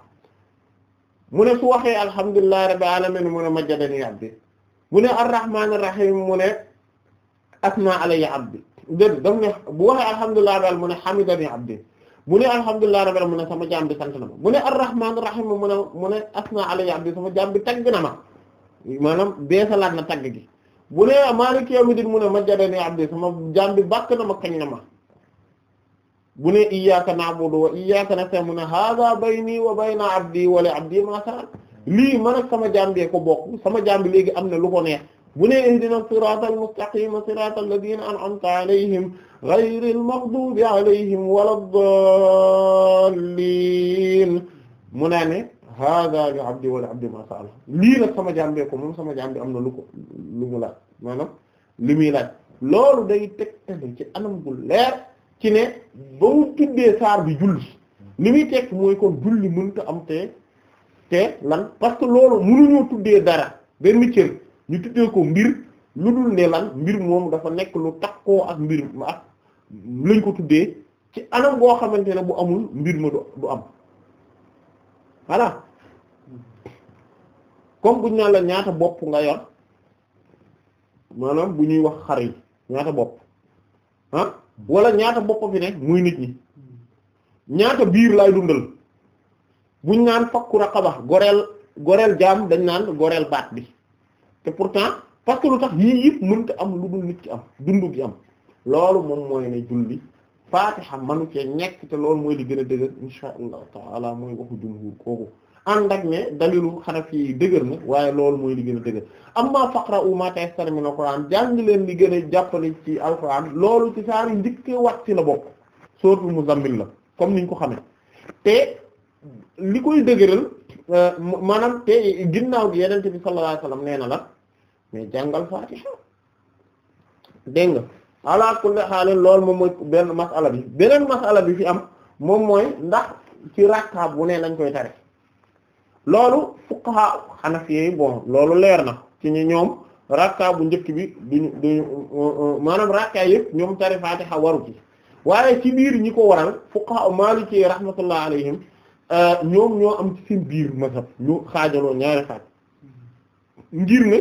mu ne su waxee alhamdulillahi rabbil alamin mu ne majjadani abdi mu ne arrahmanir rahim mu ne asna alayya abdi dégg daf ne bu waxee alhamdulillahi rabbil alamin mu ne hamidani abdi mu ne alhamdulillahi sama jaam bi ma mu ne arrahman rahim mu ne mu ne asna alayya abdi sama jaam bi tagg na ma maanaam beesalaat na tagg gi bu ne maliki yawmiddin mu ne majjadani abdi sama jaam bi bàkk na ma kañ na ma bu ne iyyaka na'budu wa iyyaka nasta'in mu ne bayni wa bayna abdi wa li abdi ma sa'al lii man ak sama jaam ko bokk sama jaam bi léegi am na lu ko mu ne ihdina siratal mustaqima siratal ladina an'amta alayhim ghayril maghdubi alayhim waladdallin mu naa ne hada li abdi wala abdi ma sa'ala lii nag sama jàmbee ko moom sama jàmbi am na lu ko lu mu laaj maanaam li muy laaj loolu day tegtale ci anam gu leer ci ne ba mu tuddee saar bi julli li muy teg mooy kon julli mënta am te te lan parce que loolu mënuñoo tuddee dara benn cër ñu tuddee ko mbir lu dul ne lan mbir moom dafa nekk lu takkoo ak mbir ak lañ ko tuddee ci anam goo xamante ne bu amul mbir ma du am voilà comme buñ naan la ñaata bopp nga yor maanaam bu ñuy wax xar yi ñaata bopp ah wala ñaata bopp fi ne muy nit ñi ñaata biir lay dundal buñ naan fakku raqaba goreel goreel jaam dañ naan goreel baat bi te pourtant parce que lu tax yii yëpp mënta am lu dul nit ki am dund gi am loolu moom mooy ne julli faatiha manu ke ñekk te lool mooy li gën a dëgër insha allah taala mooy waxu jumhur kooku ànd ak ne dalilu xanafi yi dëgër na waaye loolu mooy li gën a dëgër amma faqra'u ma tayassara min ko quran jàng leen li gën a jàppale ci al loolu ci saari njëkkee wat ci la bokk sóotul Muzammil la kom niñ ko xamee te li koy dëgëral Euh, maanaam te ginnaw gi yenente bi sallallahu alayhi wasallam nee na la mais jàngal fatiha dégg nga ala kulli xaal loolu moom mooy benn masala bi beneen masala bi fi am moom mooy ndax ci rakka bu ne lañ koy tare loolu fuqaha hanafiyyi bon loolu leer na ci ñoom rakka bu njëkk bi duñu duñu maanaam rakka yëpp ñoom tare fatiha waru ci waaye ci biir ñi ko waral fuqaha maliki rahmatullah alayhim Euh, ñoom ñoo am ci seen biir mazhab ñu xaajaloo ñaari xaaj ngir ne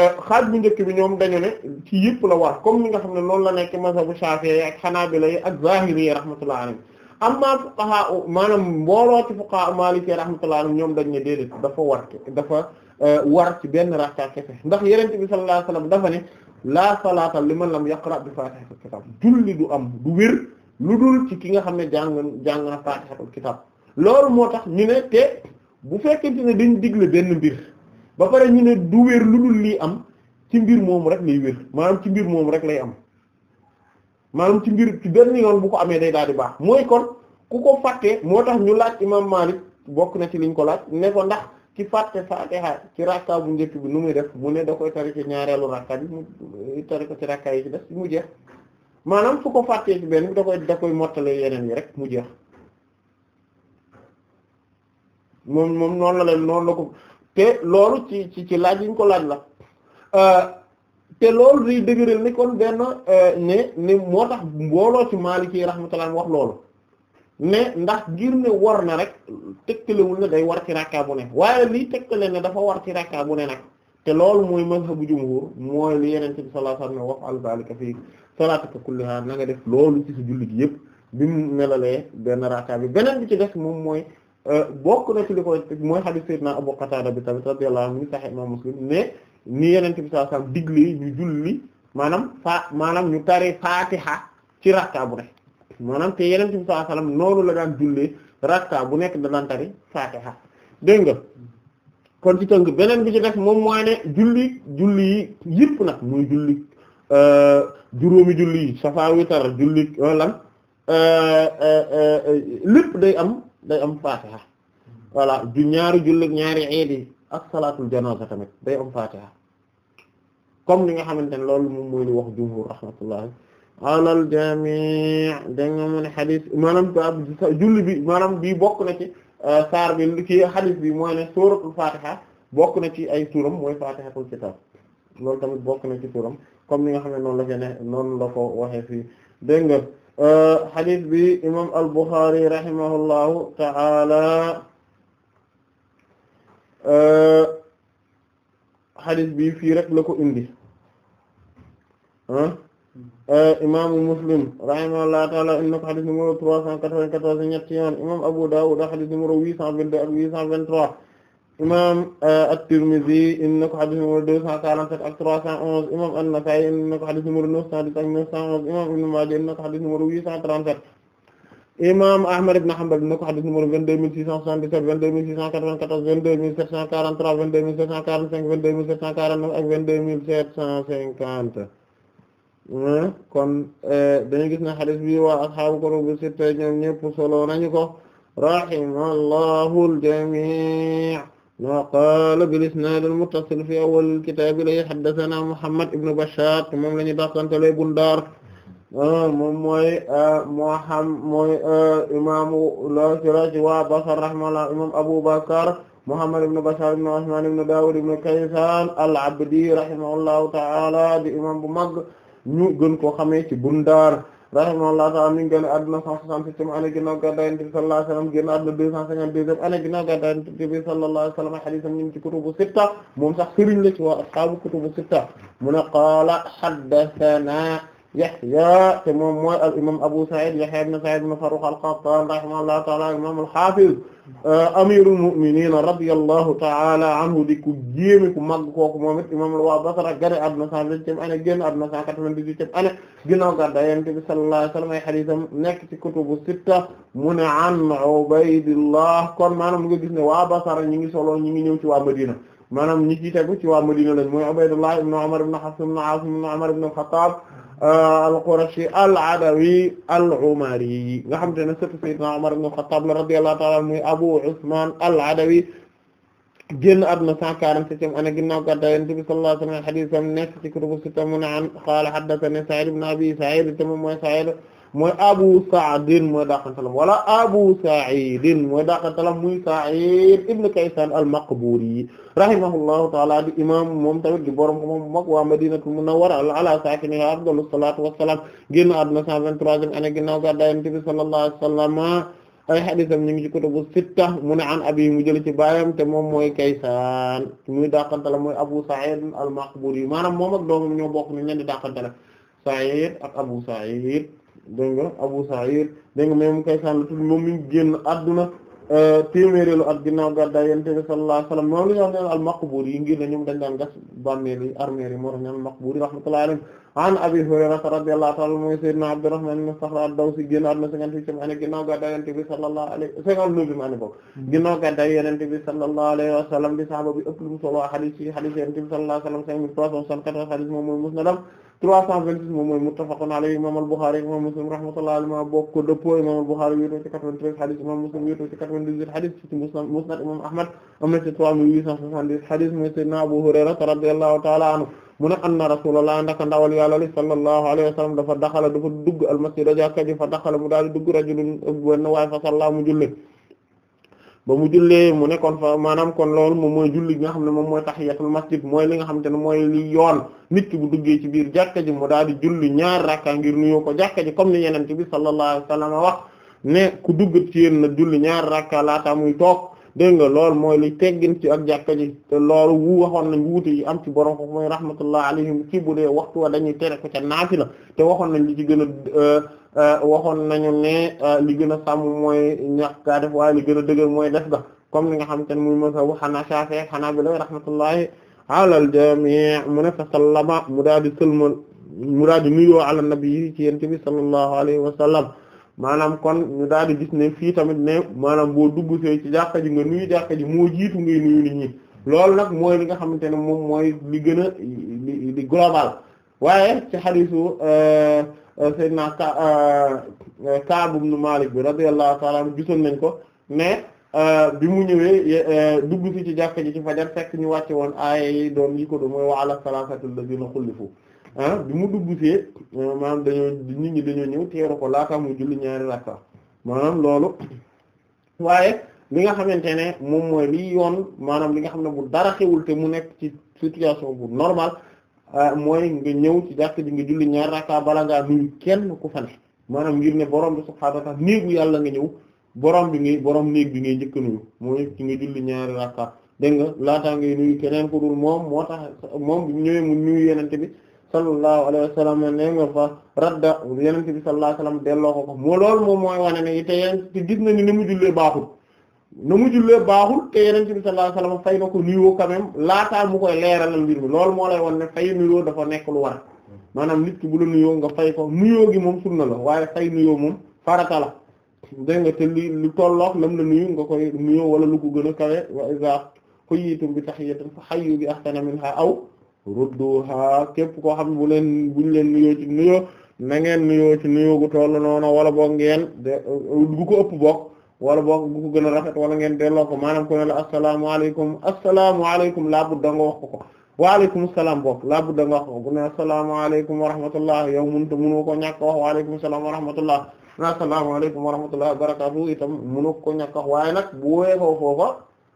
euh, xaaj bu njëkk bi ñoom dañu ne ci yëpp la war comme ni nga xam ne noonu la nekk mazhabu Shafi'i ak Hanabila yi ak Zahiri yi rahmatullah alayhi amma fuqaha maanaam mbooloo ci fuqaha Maliki rahmatullah alayhi ñoom dañ ne déedéet dafa war dafa euh, war ci benn rakka kese ndax Yonent bi sallallahu alayhi dafa ne laa salata liman lam yaqra bi fatihatil kitab julli du am du wér lu dul ci ki nga xam ne jàng jàng na fatihatil kitab loolu moo tax ñu ne te bu fekkente ne dañ digle benn mbir ba pare ñu ne du wér lu dul lii am ci mbir moomu rek lay wér maanaam ci mbir moom rek lay am maanaam ci mbir benn yoon bu ko amee day daal baax mooy kon ku ko fàttee moo tax ñu laaj imam Malik bokk na ci liñ ko laaj ne ko ndax ci fàtte Fatiha ci rakka bu njëkk bi nu muy def mu ne da koy tari ci ñaareelu rakka bi mu eh, tari ko ci rakka yi ci mu jeex maanaam fu ko fàttee ci benn bi da koy da koy mottale yeneen yi rek mu jeex moom moom noonu la leen noonu la ko te loolu ci ci ci laaj yi ñu ko laaj la euh, te loolu day dëgëral ni kon benn euh, ne ne moo tax mbooloo ci Maliki rahmatullah wax loolu ne ndax ngir ne war na rek tegtalewul ne day war ci rakka bu ne waaye lii tegtale ne dafa war ci rakka ne nag te loolu mooy mazhabu jumhur mooy li Yonent bi yeneen alayhi wa sallam wax zalika fii salaatika kulliha na nga def loolu ci sa jullit yépp bi mu melalee benn rakka bi beneen bi ci def moom mooy. Euh, bokk na ci li ko mooy hadith sayyidina Abu Qatada bi tamit radiyallahu anhu sahih imam Muslim ne ni yeneen bi sallallahu alayhi wasallam digle ñu julli maanaam fa maanaam ñu tare Fatiha ci rakka bu ne maanaam te Yonent bi sallallahu alayhi noonu la daan jullee rakka bu nekk da daan tari Fatiha dégg nga kon ci tënk beneen bi ci def moom mooy ne julli julli yi yëpp nag muy julli euh, juróomi julli yi safa witar julli euh, lan lépp day am day am fatiha voilà du ñaari julli ñaari eedi ak salaatul janaza tamit day am fatiha comme li nga xamante ne loolu moom mooy li wax jumhur rahmatullah alal jami' da nga mun xadis maanaam bi maanaam bii bokk na ci euh, saar bi li ci xadis bi mooy ne suratul fatiha bokk na ci ay turam mooy fatihatul loolu tamit bokk na ci turam comme ni nga xam ne noonu la fe ne noonu la ko waxee fii dégg hadith bi imam al-Bukhari rahimahullahu ta'ala hadith bi fii rek la ko indi imaamu Muslim rahimahullahu ta'ala indi na ko hadith numéro trois cent quatre-vingt-quatorze vingt-deux vingt-trois imam euh, at-Tirmidhi indi na ko xadis numéro deux cent quarante-sept ak trois cent onze imam an-Nasa'i indi na ko xadis numéro neuf cent dix ak neuf cent onze imam Ibn Maaja indi na ko xadis numéro huit cent trente-sept imam Ahmad ibn Hanbal indi na ko xadis numéro vingt-deux mille six cent soixante-dix-sept vingt-deux mille six cent quatre-vingt-quatorze vingt-deux mille sept cent quarante-trois vingt-deux mille sept cent quarante-cinq vingt-deux mille sept cent quarante-neuf ak vingt-deux mille sept cent cinquante hmm? kon euh, dañu gis ne xadis bi waa ashaabu kutubu sitta ñoom ñépp solo nañu ko rahimahumullahu al-jami' ma qaala bil-isnaad al-muttasil fi awwal al-kitaab ilayhi haddathanaa Muhammad ibn Bashaar moom la ñu dàqantelee Bundaar ah, moom mooy ah, Muhammad mooy ah, imaamu al-Shiraazi waa Basra rahimahullah imaam Abu Bakr Muhammad ibn Bashaar ibn Usmaan ibn Daawuud ibn Kaysaan al-Abdi rahimahullahu ta'aala di imaam bu mag ñu gën koo xamee ci Bundaar. rahimahullahu ta'ala mi ngi génn àdduna 167 année ginnaaw gàddaay Yonent bi sallallahu alayhi wa sallam génn àdduna 252 année ginnaaw gàddaay Yonent bi sallallahu alayhi wa sallam hadiisam ñu ngi ci kutubu sitta moom sax sëriñ la ci waa ashaabu kutubu sitta mu ne qaala haddathanaa Yahya te moom mooy al imaam Abu Sa'id Yahya ibn Sa'id ibn Farrukh al-Qattan rahimahullahu ta'ala imaam al-hafiz euh, amirul mu'minin radiyallahu ta'ala anhu di ku jéemi ku màgg kooku moom it imaam la waa Basra gane àdduna cent vingtième année génn àdduna cent quatre-vingt-dix-huitième année ginnaaw gàddaay Yonent bi sallallahu alayhi wa sallam ay hadiisam nekk ci kutubu sitta mu ne an Ubaydillah kon maanaam nga gis ne waa Basra ñi ngi solo ñi ngi ñëw ci waa Madina maanaam ñi ci tegu ci waa Madina lañ mooy Ubaydullah ibn ibn Hafs ibn al-Khattab Euh, al-Qurashi al-Adawi al-Umari nga xamante ne surtout Sayyidina Umar ibn al-Khattab radiyallahu ta'ala anhu muy Abu Usman al-Adawi génn àdduna 147 ana ginnaaw gàddaay Yonent bi sallallahu alayhi wa sallam hadiisam nekk ci kutubu sitta mu ne an qaala haddathanii Sa'id ibn Abi Sa'id tamam mooy Sa'id mooy Abu Sa'din mooy daqantalam wala Abu Sa'idin mooy daqantalam muy Sa'id ibn Kaysan al-Maqburi rahimahullahu ta'ala di imam moom tamit di borom ko moom mag waa Madinatul Munawwara ala sakiniha afdalu salatu wassalam génn àdduna 123e année ginnaaw gàddaay Yonent bi sallallahu alayhi wasallam ay hadisam ñu ngi ci kutubu sitta mu ne an mu jël ci baayam te moom mooy Kaysan muy daqantalam mooy Abu Sa'id al-Maqburi maanaam moom ak doomam ñoo bokk ni ñen di daqantalam Sa'id ak Abu dégg nga Abu Sa'id dégg nga même Kaysaan la tudd moom mi ngi génn adduna euh, téeméeréelu at ginnaaw gàddaay Yonent bi sallallahu alayhi wa sallam moom la ñu wax ne al-Maqburi yi ngir ne ñoom dañ daan gas bàmmeel yi armeel yi moo tax ñu al-Maqburi rahmatullahi alayhi an Abi Hurayra radiyallahu ta'ala mooy Sayyidina Abdurrahman ibn Sakhra ad-Dawsi génn adduna cinquante-huitième année ginnaaw gàddaay Yonent bi sallallahu alayhi cinquante-neuvième année boobu hmm. ginnaaw gàddaay Yonent bi sallallahu alayhi wa sallam di sahaaba bi ëpp lu mu solo hadiis yi hadiis Yonent bi sallallahu alayhi wa sallam cinq mille trois cent soixante-quatre hadiis moom mooy musnadam 326 moom mooy muttafaqun alayhi imam al-Bukhari imam Muslim rahmatullahi alayhi ma bokk ko dëppoo imam al-Bukhari wéetoo ci 93 hadith imam Muslim wéetoo ci 98 hadith ci Musnad imam Ahmad am na ci 3870 hadith mooy sayyidina Abu Hurayra radiyallahu ta'ala anhu mu ne anna rasulullah ndaka ndawal yàlla li sallallahu alayhi dafa daxala dugg al-masjid a jàkka ji fa daxala mu daal di dugg rajulun benn waay ba mu jullee mu ne kon fa maanaam kon loolu moom mooy julli bi nga xam ne moom tax tahiyatul masjid mooy li nga xam te ne mooy li yoon nit ki bu duggee ci biir jàkka ji mu daal di julli ñaar rakka ngir nuyoo ko jàkka ji comme ni yenente bi sallallahu alayhi wasallam wax ne ku dugg ci yéen na julli ñaar rakka laata muy toog dégg nga loolu mooy li teggin ci ak jàkka ji te loolu wu waxoon nañ wuute am ci borom ko mooy rahmatullah alayhim ci bu dee waxtu wa dañuy tere ko ca naafila te waxoon nañ li ci gën a euh, euh, waxoon nañu ne euh, li gën a sàmm mooy ñàkk kaa def waaye a dëgër mooy def ga comme ni nga xamante ne muy mazhabu xanaa Shaafi'i ak Hanaabila rahmatullahi alal jamii mu ne fa sallama mu daal di sëlmal mu daal di nuyoo ala nabi yi ci yent bi sallallahu alayhi wa sallam maanaam kon ñu daal di gis ne fii tamit ne maanaam boo dugg see ci jàkka ji nga nuyu jàkka ji moo jiitu ngay nuyu nit ñi loolu nag mooy li nga xamante ne moom mooy li gën a li global waaye ci xadiisu euh, euh, sayyidina Ka'b euh, ibn Malik bi radiyallahu ta'ala anhu gisoon nañ ko ne bi mu ñëwee dugg si ci jàkka ji ci fajar fekk ñu wàcce woon aaya yi doon yi ko doon mooy wa ala salasati alladhina xulifu Ah, bi mu dugg see euh, maanaam dañoo nit ñi dañoo ñëw teeru ko laata mu julli ñaari rakka maanaam loolu waaye li nga xamante ne moom mooy li yoon maanaam li nga xam ne bu dara xewul te mu nekk ci situation bu normal ah, mooy nga ñëw ci jàkk ji nga julli ñaari rakka bala ngaa nuyu kenn ku maanaam ngir ne borom bi subhaanahu wa yàlla nga ñëw borom bi ngay borom néeg bi ngay njëkk nuyu mooy ci nga julli ñaari nga laataa ngay nuyu keneen ku dul moom moo tax moom ñëwee mu nuyu yenente bi sallallahu alayhi wa salaam ne nga fa radda yenente bi sallallahu alayhi wa sallam delloo ko moo lool moom mooy wane ne te yeen te gis na ni ni mu jullee baaxul na mu jullee baaxul te yenente bi sallallahu alayhi fay na ko nuyoo quand même laataa mu koy leeralal mbir mi lool moo lay wan ne fay nuyoo dafa nekk lu war maanaam nit ki bu la nuyoo nga fay ko nuyoo gi moom sunna la waaye fay nuyoo moom farata la dégg te lu tolloog lam la nuyu nga koy nuyoo wala lu ko gën a kawe wa iza xuyitum bi tahiyatin fa hayyu bi aw rudduha képp koo xam ne bu leen buñ leen nuyoo ci nuyoo na ngeen nuyoo ci nuyoo gu toll noonu wala boog ngeen euh, gu ko ëpp bokk wala boo gu ko gën a rafet wala ngeen delloo ko maanaam ko ne la asalaamaaleykum asalaamaaleykum laa bu danga wax ko ko waaleykum salaam bokk laa bu danga wax ko bu ne asalaamaaleykum wa yow mënut a mënoo ko ñàkk wax waaleykum salaam wa rahmatullah asalaamaaleykum wa rahmatullah wa barakaatu itam mënoo ko ñàkk wax waaye nag bu weesoo foofa.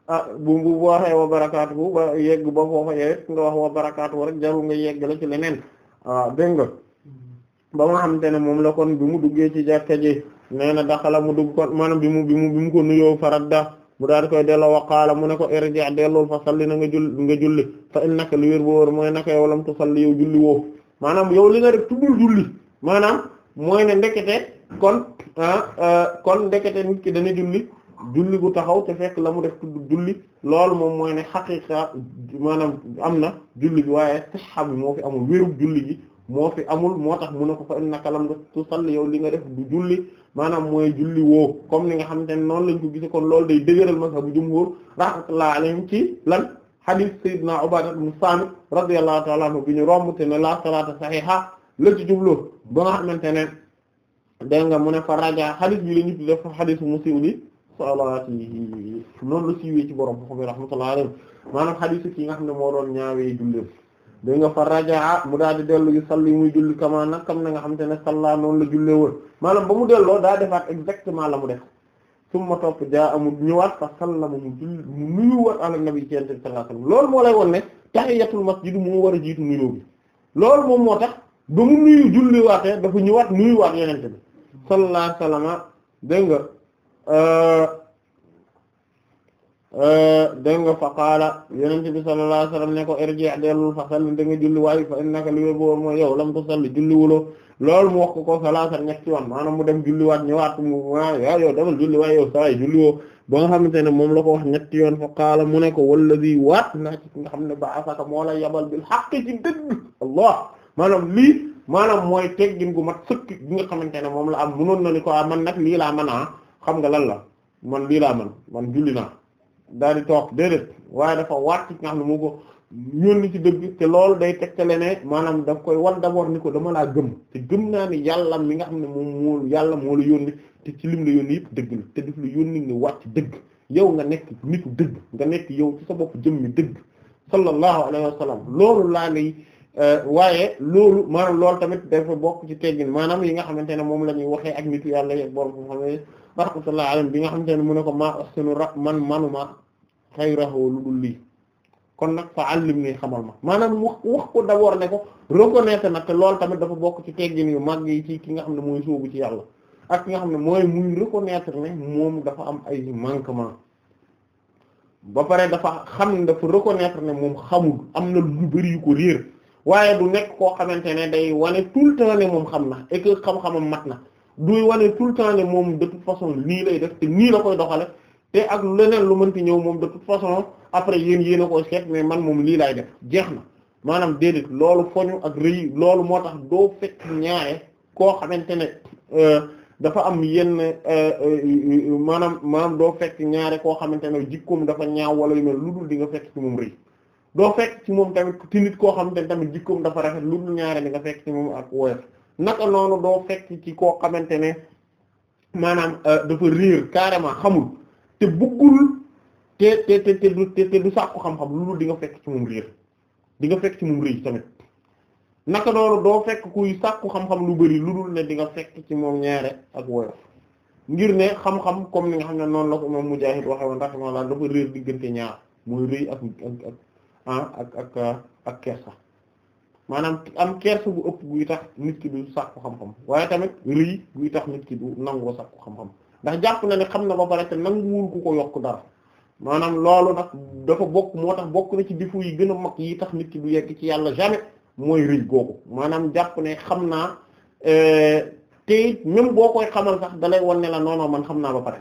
ah bu bu waaxee wa barakaatu ba yegg ba foofa yegg nga wax wa barakaatu rek jarul nga yegg la ci leneen waaw ah, dégg ba ma xam ne moom la kon bi mu duggee ci jàkka ji nee na daxala mu dugg kon maanaam bi mu bi mu bi mu ko nuyoo faradda mu daal di koy delloo wa qaala mu ne ko irji' dellool fa salli na nga jull nga julli fa innaka li wér boo wër mooy naka yow lam salli yow julli woo maanaam yow li na def tuddul julli maanaam mooy ne ndekete kon ah, ah kon ndekete nit ki dana julli julli gu taxaw te fekk la mu def tudd julli loolu moom mooy ne xaqiqa maanaam am na julli gi waaye sixxa bi moo fi amul wérub julli gi moo fi amul moo tax mu ne ko fa innaka lam tusalli yow li nga def du julli maanaam mooy julli woo comme ni nga xamante ne noonu lañ ko gisee kon loolu day dëgëral mazhabu jumhur rahmatullahi alayhim ci lan hadith sayyidina Ubadah ibn Samit radiyallahu ta'ala anhu bi ñu romb te ne la salata sahiha la ci jublu ba nga xamante ne dégg nga mu ne fa raja hadith bi la ñu tudde salaatihi noonu la siiwee ci borom xam ne rahmatullahi alayhi maanaam xadiis ki nga xam ne moo doon ñaawee julleem da nga fa rajaa mu daal di dellu yu salli muy julli kama nag kam na nga xam te ne salla noonu la jullee woon maanaam ba mu delloo daa defaat exactement la mu def summa topp jaa amul ñëwaat fa sallama mu julli mu nuyuwaat ala nabi ci ente bi sallallahu alayhi wasallam loolu moo lay won ne tahiyatul masjid mu war a jiitu nuyoo bi loolu moom moo tax ba mu nuyu julli waatee dafa ñëwaat nuyuwaat yenente bi sallallahu alayhi wasallam dégg nga Eh, eh, dégg nga fa qaala yonent bi sallallahu alayhi wasallam ne ko irji' dellul fa salli da nga julli waaye fa innaka li boobu mooy yow lam tusalli julliwuloo loolu mu wax ko ko salaasa ñetti yoon maanaam mu dem mu waaw yow demal julli waaye yow saa yi julliwoo ba xamante ne moom la ko wax yoon fa mu ne walla wallazi waat naa ci nga xam ne ba moo moola yabal bil haqq ci dëgg allah maanaam lii maanaam mooy teggin gu mat sëkk gi nga xamante ne moom la am mënoon na ko ah, man nag lii la mën a ah. xam nga lan la man lii laa man man julli naa daal di toog déedéet waaye dafa waat ci nga xam ne moo ko yónni ci dëgg te loolu day tegtale ne maanaam daf koy wan d'abord ni ko dama laa gëm te gëm naa ne yàlla mi nga xam ne moom moo yàlla moo la te ci lim la yónni yëpp dëgg te daf la yónni nga wàcc dëgg yow nga nekk nitu dëgg nga nekk yow ci sa bopp jëmmi dëgg sallallahu alayhi wa sallam loolu laa lay euh, waaye loolu maanaam loolu tamit dafa bokk ci teggin maanaam yi nga xamante ne moom la ñuy waxee ak nitu yàlla yeeg borom xam-xam rahmatullahi alayhi bi nga xamante ne mu ne ko maa nu rax man manuma xayrahu lu dul lii kon nag fa àllim ni xamal ma maanaam wax ko d'abord ne ko reconnaître nag loolu tamit dafa bokk ci teggin yu màgg yi ci ki nga xam ne mooy sóobu ci yàlla ak ki nga xam ne mooy muy moom dafa am ay manquement ba pare dafa xam ne dafa reconnaître ne moom xamul am na lu bari yu ko réer waaye du nekk koo xamante ne day wane tout le moom xam na et que xam-xamam mat na duy wane tout le temps ne moom de toute façon nii lay def te nii la koy doxale te ak leneen lu mënti ñëw moom de toute façon après yéen yéen koo koy mais man moom lii laay def jeex na maanaam déedéet loolu foñu ak rëy loolu moo tax doo fekk ñaare koo xamante ne euh, dafa am yenn euh, euh, maanaam maanaam doo fekk ñaare koo xamante ne jikkoom dafa ñaaw wala yu mel lu dul di nga fekk ci moom rëy doo fekk ci moom tamit ci nit koo xamante ne tamit jikkoom dafa rafet lu dul ñaare di nga fekk ci moom naka noonu doo fekk ci koo xamante ne maanaam euh, dafa réer carrément xamul te bëggul te te te te du te du sàkku xam-xam loolu di nga fekk ci moom réer di nga ci moom réer tamit naka noonu doo fekk kuy sàkku xam-xam lu bari lu dul ne di nga fekk ci moom ñaare ak woyof ngir ne xam-xam comme ni nga xam ne noonu la ko moom Mujaahid waxe woon raximahullah dafa réer diggante ñaar mooy rëy ak ak ak ah ak ak ak maanaam am kersa bu ëpp guy tax nit ki du sàkku xam-xam waaye tamit rëy guy tax nit ki du nangoo sàkku xam-xam ndax jàpp na ne xam na ba pare te nanguwul ku ko yokk dara maanaam loolu nag dafa bokk moo tax bokk na ci difu yi gën a mag yi tax nit ki du yegg ci yàlla jamais mooy rëy googu maanaam jàpp ne xam naa euh, te it boo koy xamal sax dalay ne la non man xam naa ba pare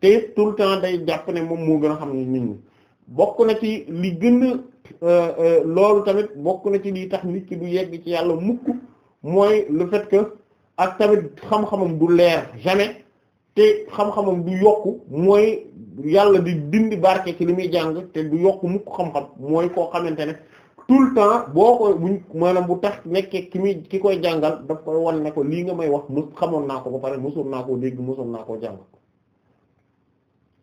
te it tout le temps day jàpp ne moom moo gën a xam ni nit ñi bokk na ci li gën a euh, euh, loolu tamit bokk na ci lii tax nit ki du yegg ci yàlla mukk mooy le fait que ak tamit xam-xamam du leer jamais te xam-xamam du yokku mooy yàlla di dindi barke ci li muy jàng te du yokk mukk xam-xam mooy koo xamante ne tout le temps boo ko buñ maanaam bu tax nekkee ki muy ki koy jàngal daf koy wan ne ko lii nga may wax mos xamoon naa ko ba pare mosoon naa koo dégg mosoon naa koo jàng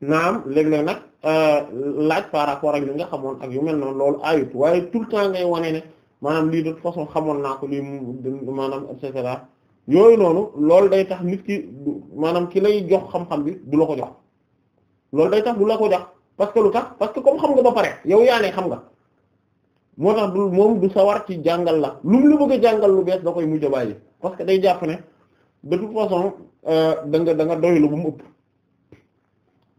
naam léeg-léeg nag euh, laaj par rapport ak li nga xamoon ak yu mel noonu loolu ayut waaye tout le temps ngay wane ne maanaam lii de façon xamoon naa ko lii maanaam et cetera yooyu noonu loolu day tax nit ki maanaam ki lay jox xam-xam bi du la ko jox loolu day tax du la ko jox parce que lu tax parce que comme xam nga ba pare yow yaa xam nga moo tax du moom du sawar ci jàngal la lu lu bëgg jàngal lu bees da koy mujj a bàyyi parce que day jàpp ne de toute façon euh, da nga da nga doylu bu mu ëpp.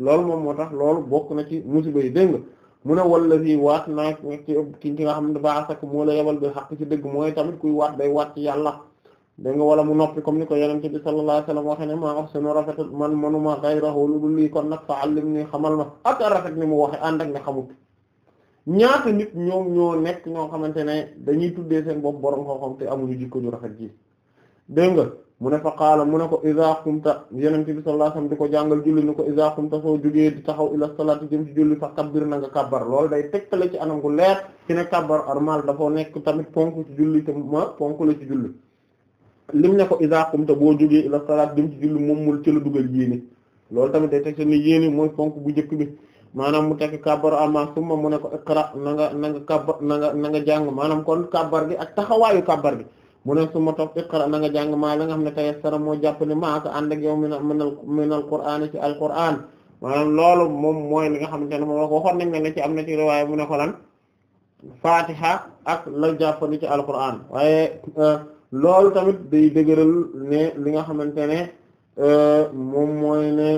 loolu moom moo tax loolu bokk na ci musiba yi dégg nga mu ne wallazi waat naa ci ki nga xam ne baax a baasak moo la yebal bi xaq ci dëgg mooy tamit kuy waat day waat ci yàlla dégg nga wala mu noppi comme ni ko yonent bi sallallahu alayhi wasallam waxe ne maa ahsanu rafetal man manuma ghayrahu lu dul lii kon nag fa allim ni xamal ma ak rafet ni mu waxe ànd ak ne xamut ñaata nit ñoom ñoo nekk ñoo xamante ne dañuy tuddee seen bopp borom xam-xam te amuñu jikko ju rafet ji dégg nga mu ne fa qaala mu ne ko iza qumta yonent bi sallallahu alayhi wasallam di ko jàngal julli ni ko iza qumta soo jógee di taxaw ila salaati jëm ci julli fa kabbir na nga kabbar loolu day tegtale ci anam gu leer ci ne kabbar armal dafa nekk tamit ponk ci julli te ma ponk la ci julli lim ne ko iza qumta boo jógee ila salaati jëm ci julli mu mul ci la dugal yéene loolu tamit day tegtale ni yéene mooy ponk bu njëkk bi maanaam mu tekk kabbar armal summa mu ne ko iqra nga na nga kabbar na nga na nga jàng maanaam kon kabbar gi ak taxawaayu kabbar gi mu ne suma topp iqra na nga jàng maa la nga xam ne tayassara moo jàpp ne maa ko ànd ak yow min minal minal qur'aan ci alqur'aan maanaam loolu moom mooy li nga xamante ne moom waxoon nañ ne ne ci am na ci riwaaya mu ne ko lan fatiha ak la jàppandi ci alqur'aan waaye euh, loolu tamit day dëgëral ne li nga xamante ne euh, moom mooy ne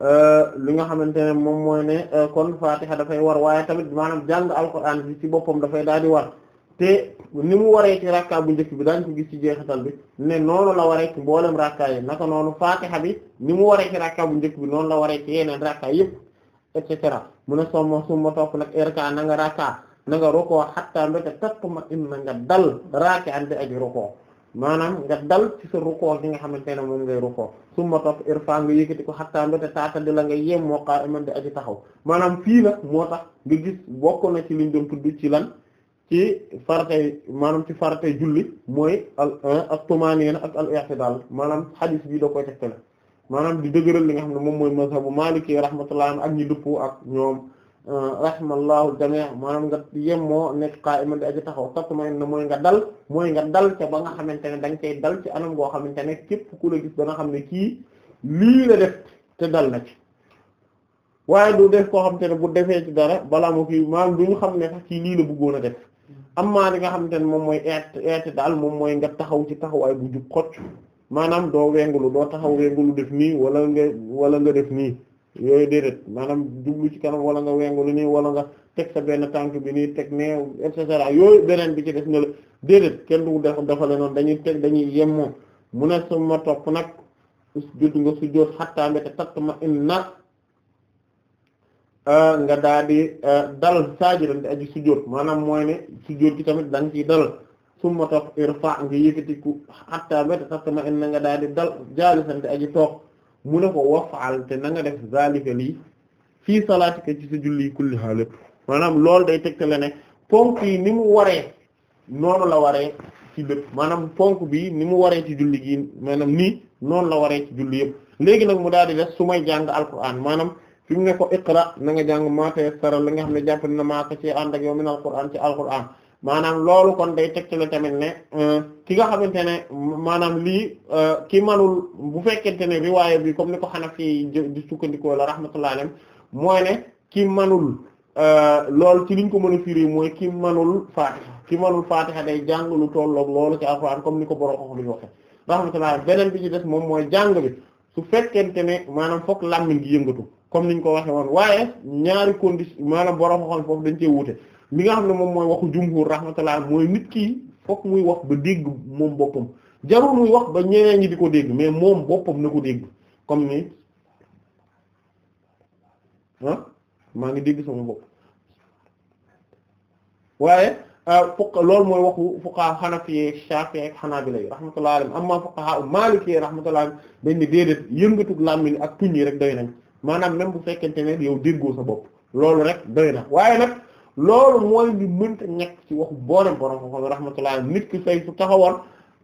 euh, nga xamante ne moom mooy ne kon fatiha dafay war waaye tamit maanaam jàng alqur'aan bi ci boppam dafay daal di war te ni mu waree ci rakka bu njëkk bi daañ ko gis ci jeexital bi ne noonu la waree ci mboolem rakka yi naka noonu fatiha bi ni mu waree ci rakka bu njëkk bi noonu la waree ci yeneen rakka yëpp et cetera mu ne somma summa topp nag erka na nga rakka na nga rukoo xattaa mbéte tattuma in na nga dal raaki andi aji rukoo maanaam nga dal ci sa rukoo gi nga xamante ne moom ngay rukoo summa topp irfa nga yëkkati ko xattaa mbéte taata di la nga yem moo xaa iman di aji taxaw maanaam fii nag moo tax nga gis bokk na ci liñ doon tudd ci lan ci faratay maanaam ci faratay julli mooy al ak tumaaniina ak al i'tidaal maanaam xadis bi da koy la maanaam di dëgëral li nga xam ne moom mooy mazhabu Maliki rahmatullah ak ñi dëppoo ak ñoom euh, rahmallahu jamii maanaam nga yemmoo nekk qaa'iman di aji taxaw tatma'inna mooy nga dal mooy nga dal te ba nga xamante ne da nga dal ci anam goo xamante ne képp ku la gis da ne kii lii la def te dal na ci waaye du def koo xamante ne bu defee ci dara balaa moo kii maanaam du ñu xam ne sax kii lii la bëggoon a def. amma li nga xamante ne moom mooy eet daal moom mooy nga taxaw ci taxawaay bu jub xocc maanaam doo wengulu doo taxaw wengulu def nii wala nga wala nga def nii yooyu déedéet maanaam jublu ci kanam wala nga wengulu nii wala nga teg sa benn tànk bi nii teg ne et cetera yooyu beneen bi ci def ne la déedéet kenn du def dafale noonu dañuy teg dañuy yemmoo mu ne sama topp nag jot nga su jot xattaambete tatt ma in na Euh, nga daa di euh, dal saajidan di aji sujjóot maanaam mooy ne sujjóot gi tamit da nga ciy dal summa tax irfa nga yëkkatiku hatta méta taxtama in na nga daa di dal jaalisan di aji toog mu ne ko wafal te na nga def zalika lii fii salaatika ci sa julli kulliha lépp maanaam loolu day tegtale ne ponk yi ni mu waree noonu la waree ci lépp maanaam ponk bi ni mu waree ci julli gi maanaam nii noonu la waree ci julli yëpp léegi nag mu daal di def su may jàng alquran maanaam fi mu ne ko iqra na nga jàng maateestaral la nga xam ne jàpp na maaka ci ànd ak yow min alquran ci alquran maanaam loolu kon day teg ci tamit ne euh, ki nga xamante ne maanaam lii euh, ki manul bu fekkente ne riwaaya bi comme ni ko Hanafi di sukkandikoo la rahmatullahi alayhi mooy ne ki manul euh, loolu ci liñ ko mën a firi mooy ki manul faatiha ki manul faatiha day jàng lu tolloog loolu ci alquran comme ni ko borom xox bi waxe rahmatullahi beneen bi ci des moom mooy jàng bi su fekkente ne maanaam fokk làmmiñ gi yëngatu comme niñ ko waxee woon waaye ñaari condition maanaam borom xool foofu dañ cee wute li nga xam ne moom mooy waxu jumhur rahmatullah mooy nit ki fokk muy wax ba dégg moom boppam jarul muy wax ba ñeneen ñi di ko dégg mais moom boppam na ko dégg comme ni ah maa ngi dégg sama bopp waaye ah, fokk loolu mooy waxu xanaa fuqaha hanafi shafi'i ak hanabila am rahmatullah alayhim amma fuqaha maliki rahmatullah dañ ni déedéet yëngatug làmmiñ ak tuñ yi rek doy nañ maanaam même bu fekkente ne yow déggoo sa bopp loolu rek doy na waaye nag loolu mooy li mënta ñekk ci waxu boolem borom ko xam rahmatullah nit ki say su taxawoon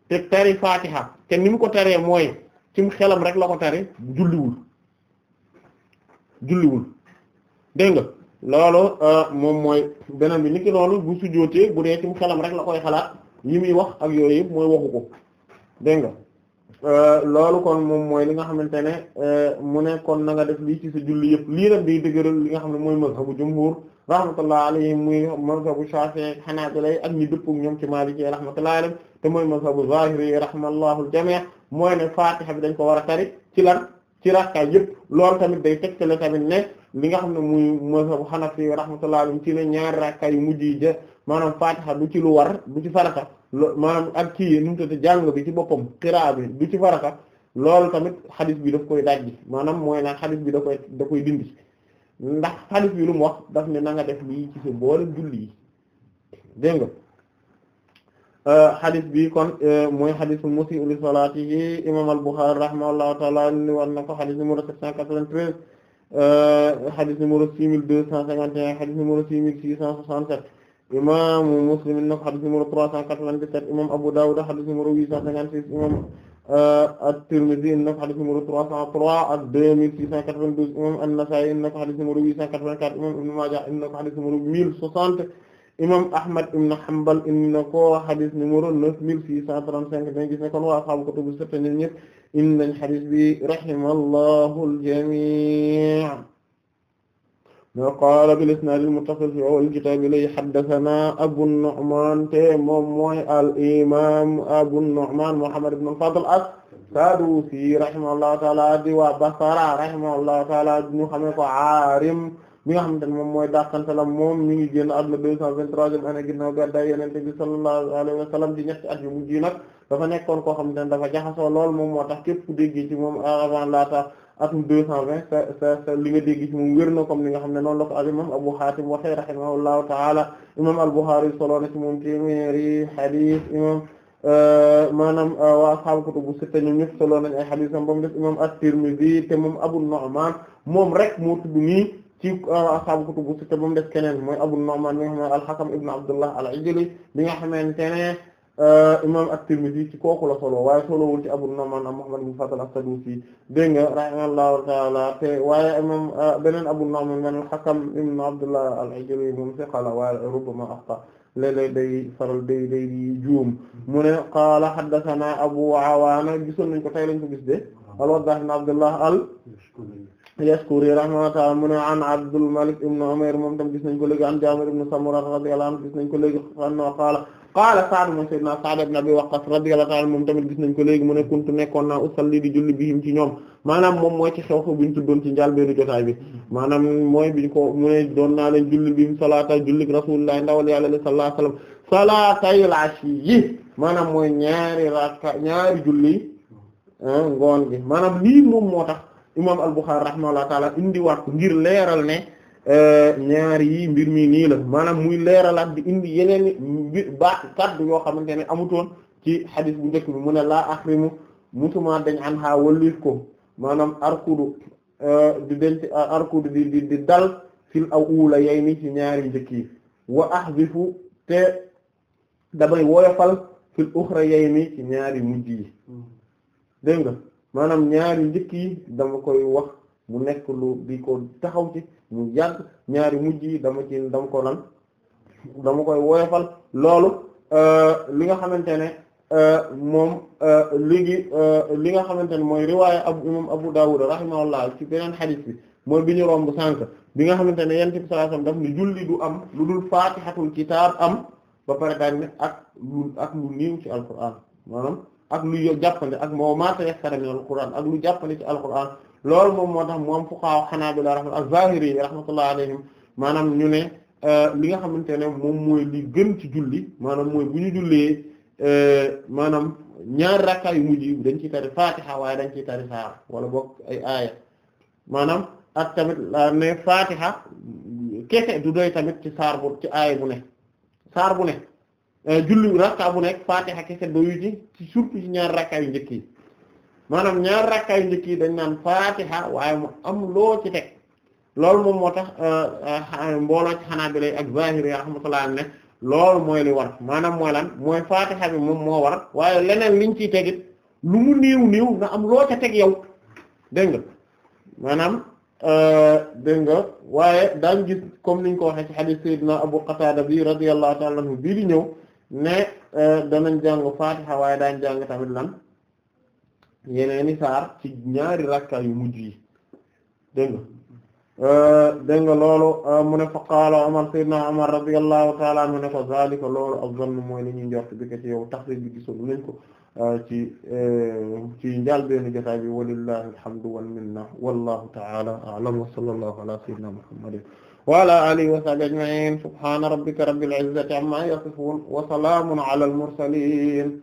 te tari fatiha te ni mu ko taree mooy cim xelam rek la ko tari julliwul julliwul dégg nga loolu euh, moom mooy beneen bi nit ki loolu bu sujjóotee bu dee cim xelam rek la koy xalaat yi muy wax ak yooyu yëpp mooy waxu ko dégg nga Euh, loolu kon moom mooy li nga xamante ne euh, mu ne kon na nga def lii ci sa julli yëpp lii nag day dëgëral li nga xam ne mooy mazhabu jumhur rahmatullah alayhim muy mazhabu shafi'i hanabila ak ñi dëpp ñoom ci maliki rahmatullah alayhim te mooy mazhabu zahiri rahmallahu al-jami' mooy ne fatiha bi dañ ko war a tari ci lan ci rakka yëpp loolu tamit day tegtale tamit ne li nga xam ne muy mazhabu hanafi rahmatullah alayhim ci ne ñaari rakka yu mujj yi ja maanaam fatiha du ci lu war du ci farata maanaam ak kii nu mu tudd jàng bi ci boppam xiraa bi du ci farata loolu tamit xadis bi daf koy dajji maanaam mooy naan xadis bi da koy da koy dindi ndax xadis bi lu wax daf ne na nga def lii ci sa boole julli yi nga euh, xadis bi kon euh, mooy xadisul musii'u li salaatihi imaam al-Bukhârî rahimahullahu taala ni war na ko xadis numéro 793 euh, xadis numéro 6251 xadis numéro 6667 imaamu Muslim inna ko xadis numéro 397 imam Abu Dawud xadis numéro 856 imam euh, at-Tirmidhi inna ko xadis numéro 303 ak 2692 imam an-Nasa'i inna ko xadis numéro 884 imam Ibn Majah inna ko xadis numéro 1060 imam Ahmad ibn Hanbal inna ko xadis numéro 9635 dañu gis ne kon waa ashaabu kutubu sitta ñëpp indi nañu xadis bi rahimallahu al-jami' ñoo qaala bil isnaadil muttasil fi awwalil kitaab ilay haddasanaa Abu Nu'maan te moom mooy al imaam Abu Nu'maan Muhammad ibn al-Fadl as-Sadusi rahimahullahu ta'aala di waa Basra rahimahullahu ta'aala ñu xamee ko Aarim mi nga xamante ne moom mooy dàqantalam moom mi ngi génn àdduna deux cent vingt-troisième année ginnaaw gàddaay Yonent bi sallallahu alayhi wa sallam di ñetti at yu mujj nag dafa nekkoon koo xamante ne dafa jaxasoo lool moom moo tax képp ku dégg ci moom avant laata atum deux cent vingt sa sa sa li nga dégg na comme ni nga xam ne noonu la ko al imam Abu Hatim waxee rahimahullahu taala imam al-Bukhari solo na ci moom téeméeri hadith imam euh, maanaam euh, waa ashaabu kutubu sitta ñoom ñëpp solo nañ ay haditham ba mu def imam at-Tirmidhi te moom Abu Nu'man moom rek moo tudd nii ci euh, ashaabu kutubu sitta ba mu def keneen mooy Abu Nu'man bi nga xam ne al-Hakam ibn Abdullah al-Ijli bi nga xamante ne Euh, imam at-Tirmidhi ci kooku la solo waaye solowul ci Abu Nu'man am Muhammad ibn Fadl as-Sadusi dégg nga rahimahullahu waaye imam euh, beneen Abu Nu'man man al-Hakam ibn Abdullah al-Ajli moom siqa la waaye rubbama axta léeg-léeg day faral day day juum mu ne qaala haddathana Abu Awaana gisoon nañ ko tey lañ ko gis de al-Waddah ibn Abdullah al-Yashkuri rahimahullahu ta'ala mu ne an Abdul Malik ibn Umayr tam gis nañ ko léegi an Jaabir ibn Samura radiyallahu anhu gis nañ ko léegi annahu qaala Sa'd mooy sayyidina Sa'd ibn Abi Waqqas radiyallahu ta'ala moom tamit gis nañ ko léegi mu ne kuntu nekkoon naa usalli di julli bihim ci ñoom manaam moom mooy ci xew xew bu ñu tuddoon ci njàlbéenu jotaay bi manaam mooy biñ ko mu doon naa leen julli bihim salaata julli Rasulullah ndawal Yàlla sallallahu alayhi wasallam salaatayil ashiyyi maanaam mooy ñaari rakka ñaari julli ah, ngoon gi maanaam lii moom moo tax imaam al-Bukhari rahimahullahu ta'ala indiwaat ko ngir leeral ne Euh, ñaari yi mbir mi nii la maanaam muy leeralaat di indi yeneen i baax kaddu yoo xamante ne amutoon ci xadis bu njëkk bi a ne laa axrimu musuma dañ an xaa wallif ko maanaam arkudu euh, di denc di dal fil awula yay ni ci ñaari njëkk yi wa ahzifu te damay woyofal fil uxra yay ni ci ñaari mujj yi dégg nga maanaam ñaari njëkk yi dama koy wax mu nekk lu di ko taxaw ci mu yàgg ñaari mujj yi dama ci dama ko lan dama koy woyofal loolu euh, li nga xamante ne euh, moom euh, léegi li nga xamante ne mooy riwaaya abu imam Abu Dawud rahimahullah ci beneen xadis bi mooy bi ñu romb sànq bi nga xamante ne yonent bi sallallahu alayhi wasallam daf ni julli du am lu dul faatihatul kitaab am ba pare daañu ne ak lu ak lu niiw ci alquran maanaam ak lu jàppande ak moo maata yakkara min alquran ak lu jàppande ci alquran loolu moom moo tax moom fuqaha Hanaabila rahma az-Zahiri yi rahmatullah alayhim maanaam ñu ne euh, li nga xamante ne moom mooy li gën ci julli maanaam mooy bu ñu jullee euh, maanaam ñaari rakka yu mujj dañ ci tari fatiha waaye dañ ciy tari saar wala boog ay aaya ak tamit la du doy tamit ci saar bu ci aaya bu ne saar bu ne euh, julli rakka bu nekk fatiha kese doyu ci surtout ci ñaar rakka yu njëkk yi maanaam ñaar rakkaayu njëkk yi dañ naan fatiha waaye mu am loo ci teg loolu moom moo tax euh, euh, mbooloo ci xanaa bi lay ak zahiri rahmatullah ne lool mooy li war maanaam mooy lan mooy fatiha bi moom moo war waaye leneen liñ ciy tegit lu mu néew néew nga am loo ca teg yow dégg nga maanaam euh, dégg nga waaye daan gis comme niñ ko waxee ci hadith sayyidina Abu Qatada bi radiyallahu ta'ala anhu bii di ñëw ne danañ jàng fatiha waaye daañ jàng tamit lan yeneeni saar ci ñaari rakka yu mujj yi dégg nga euh, dégg nga loolu euh, mu ne fa qaala Umar sayyidina Umar radiyallahu ta'ala anhu ne ko zalika loolu ak zann mooy li ñuy njort bi ko ci yow tax bi gisoon nañ ko euh, ci ci njaal benn jotaay bi walillahi alhamdu wal minna wallahu ta'ala a'lam wa sallallahu ala sayyidina muhammadin wa ala alihi wa sahbihi ajma'in subhana rabbika rabbil izzati amma yasifun wa salamun ala al mursalin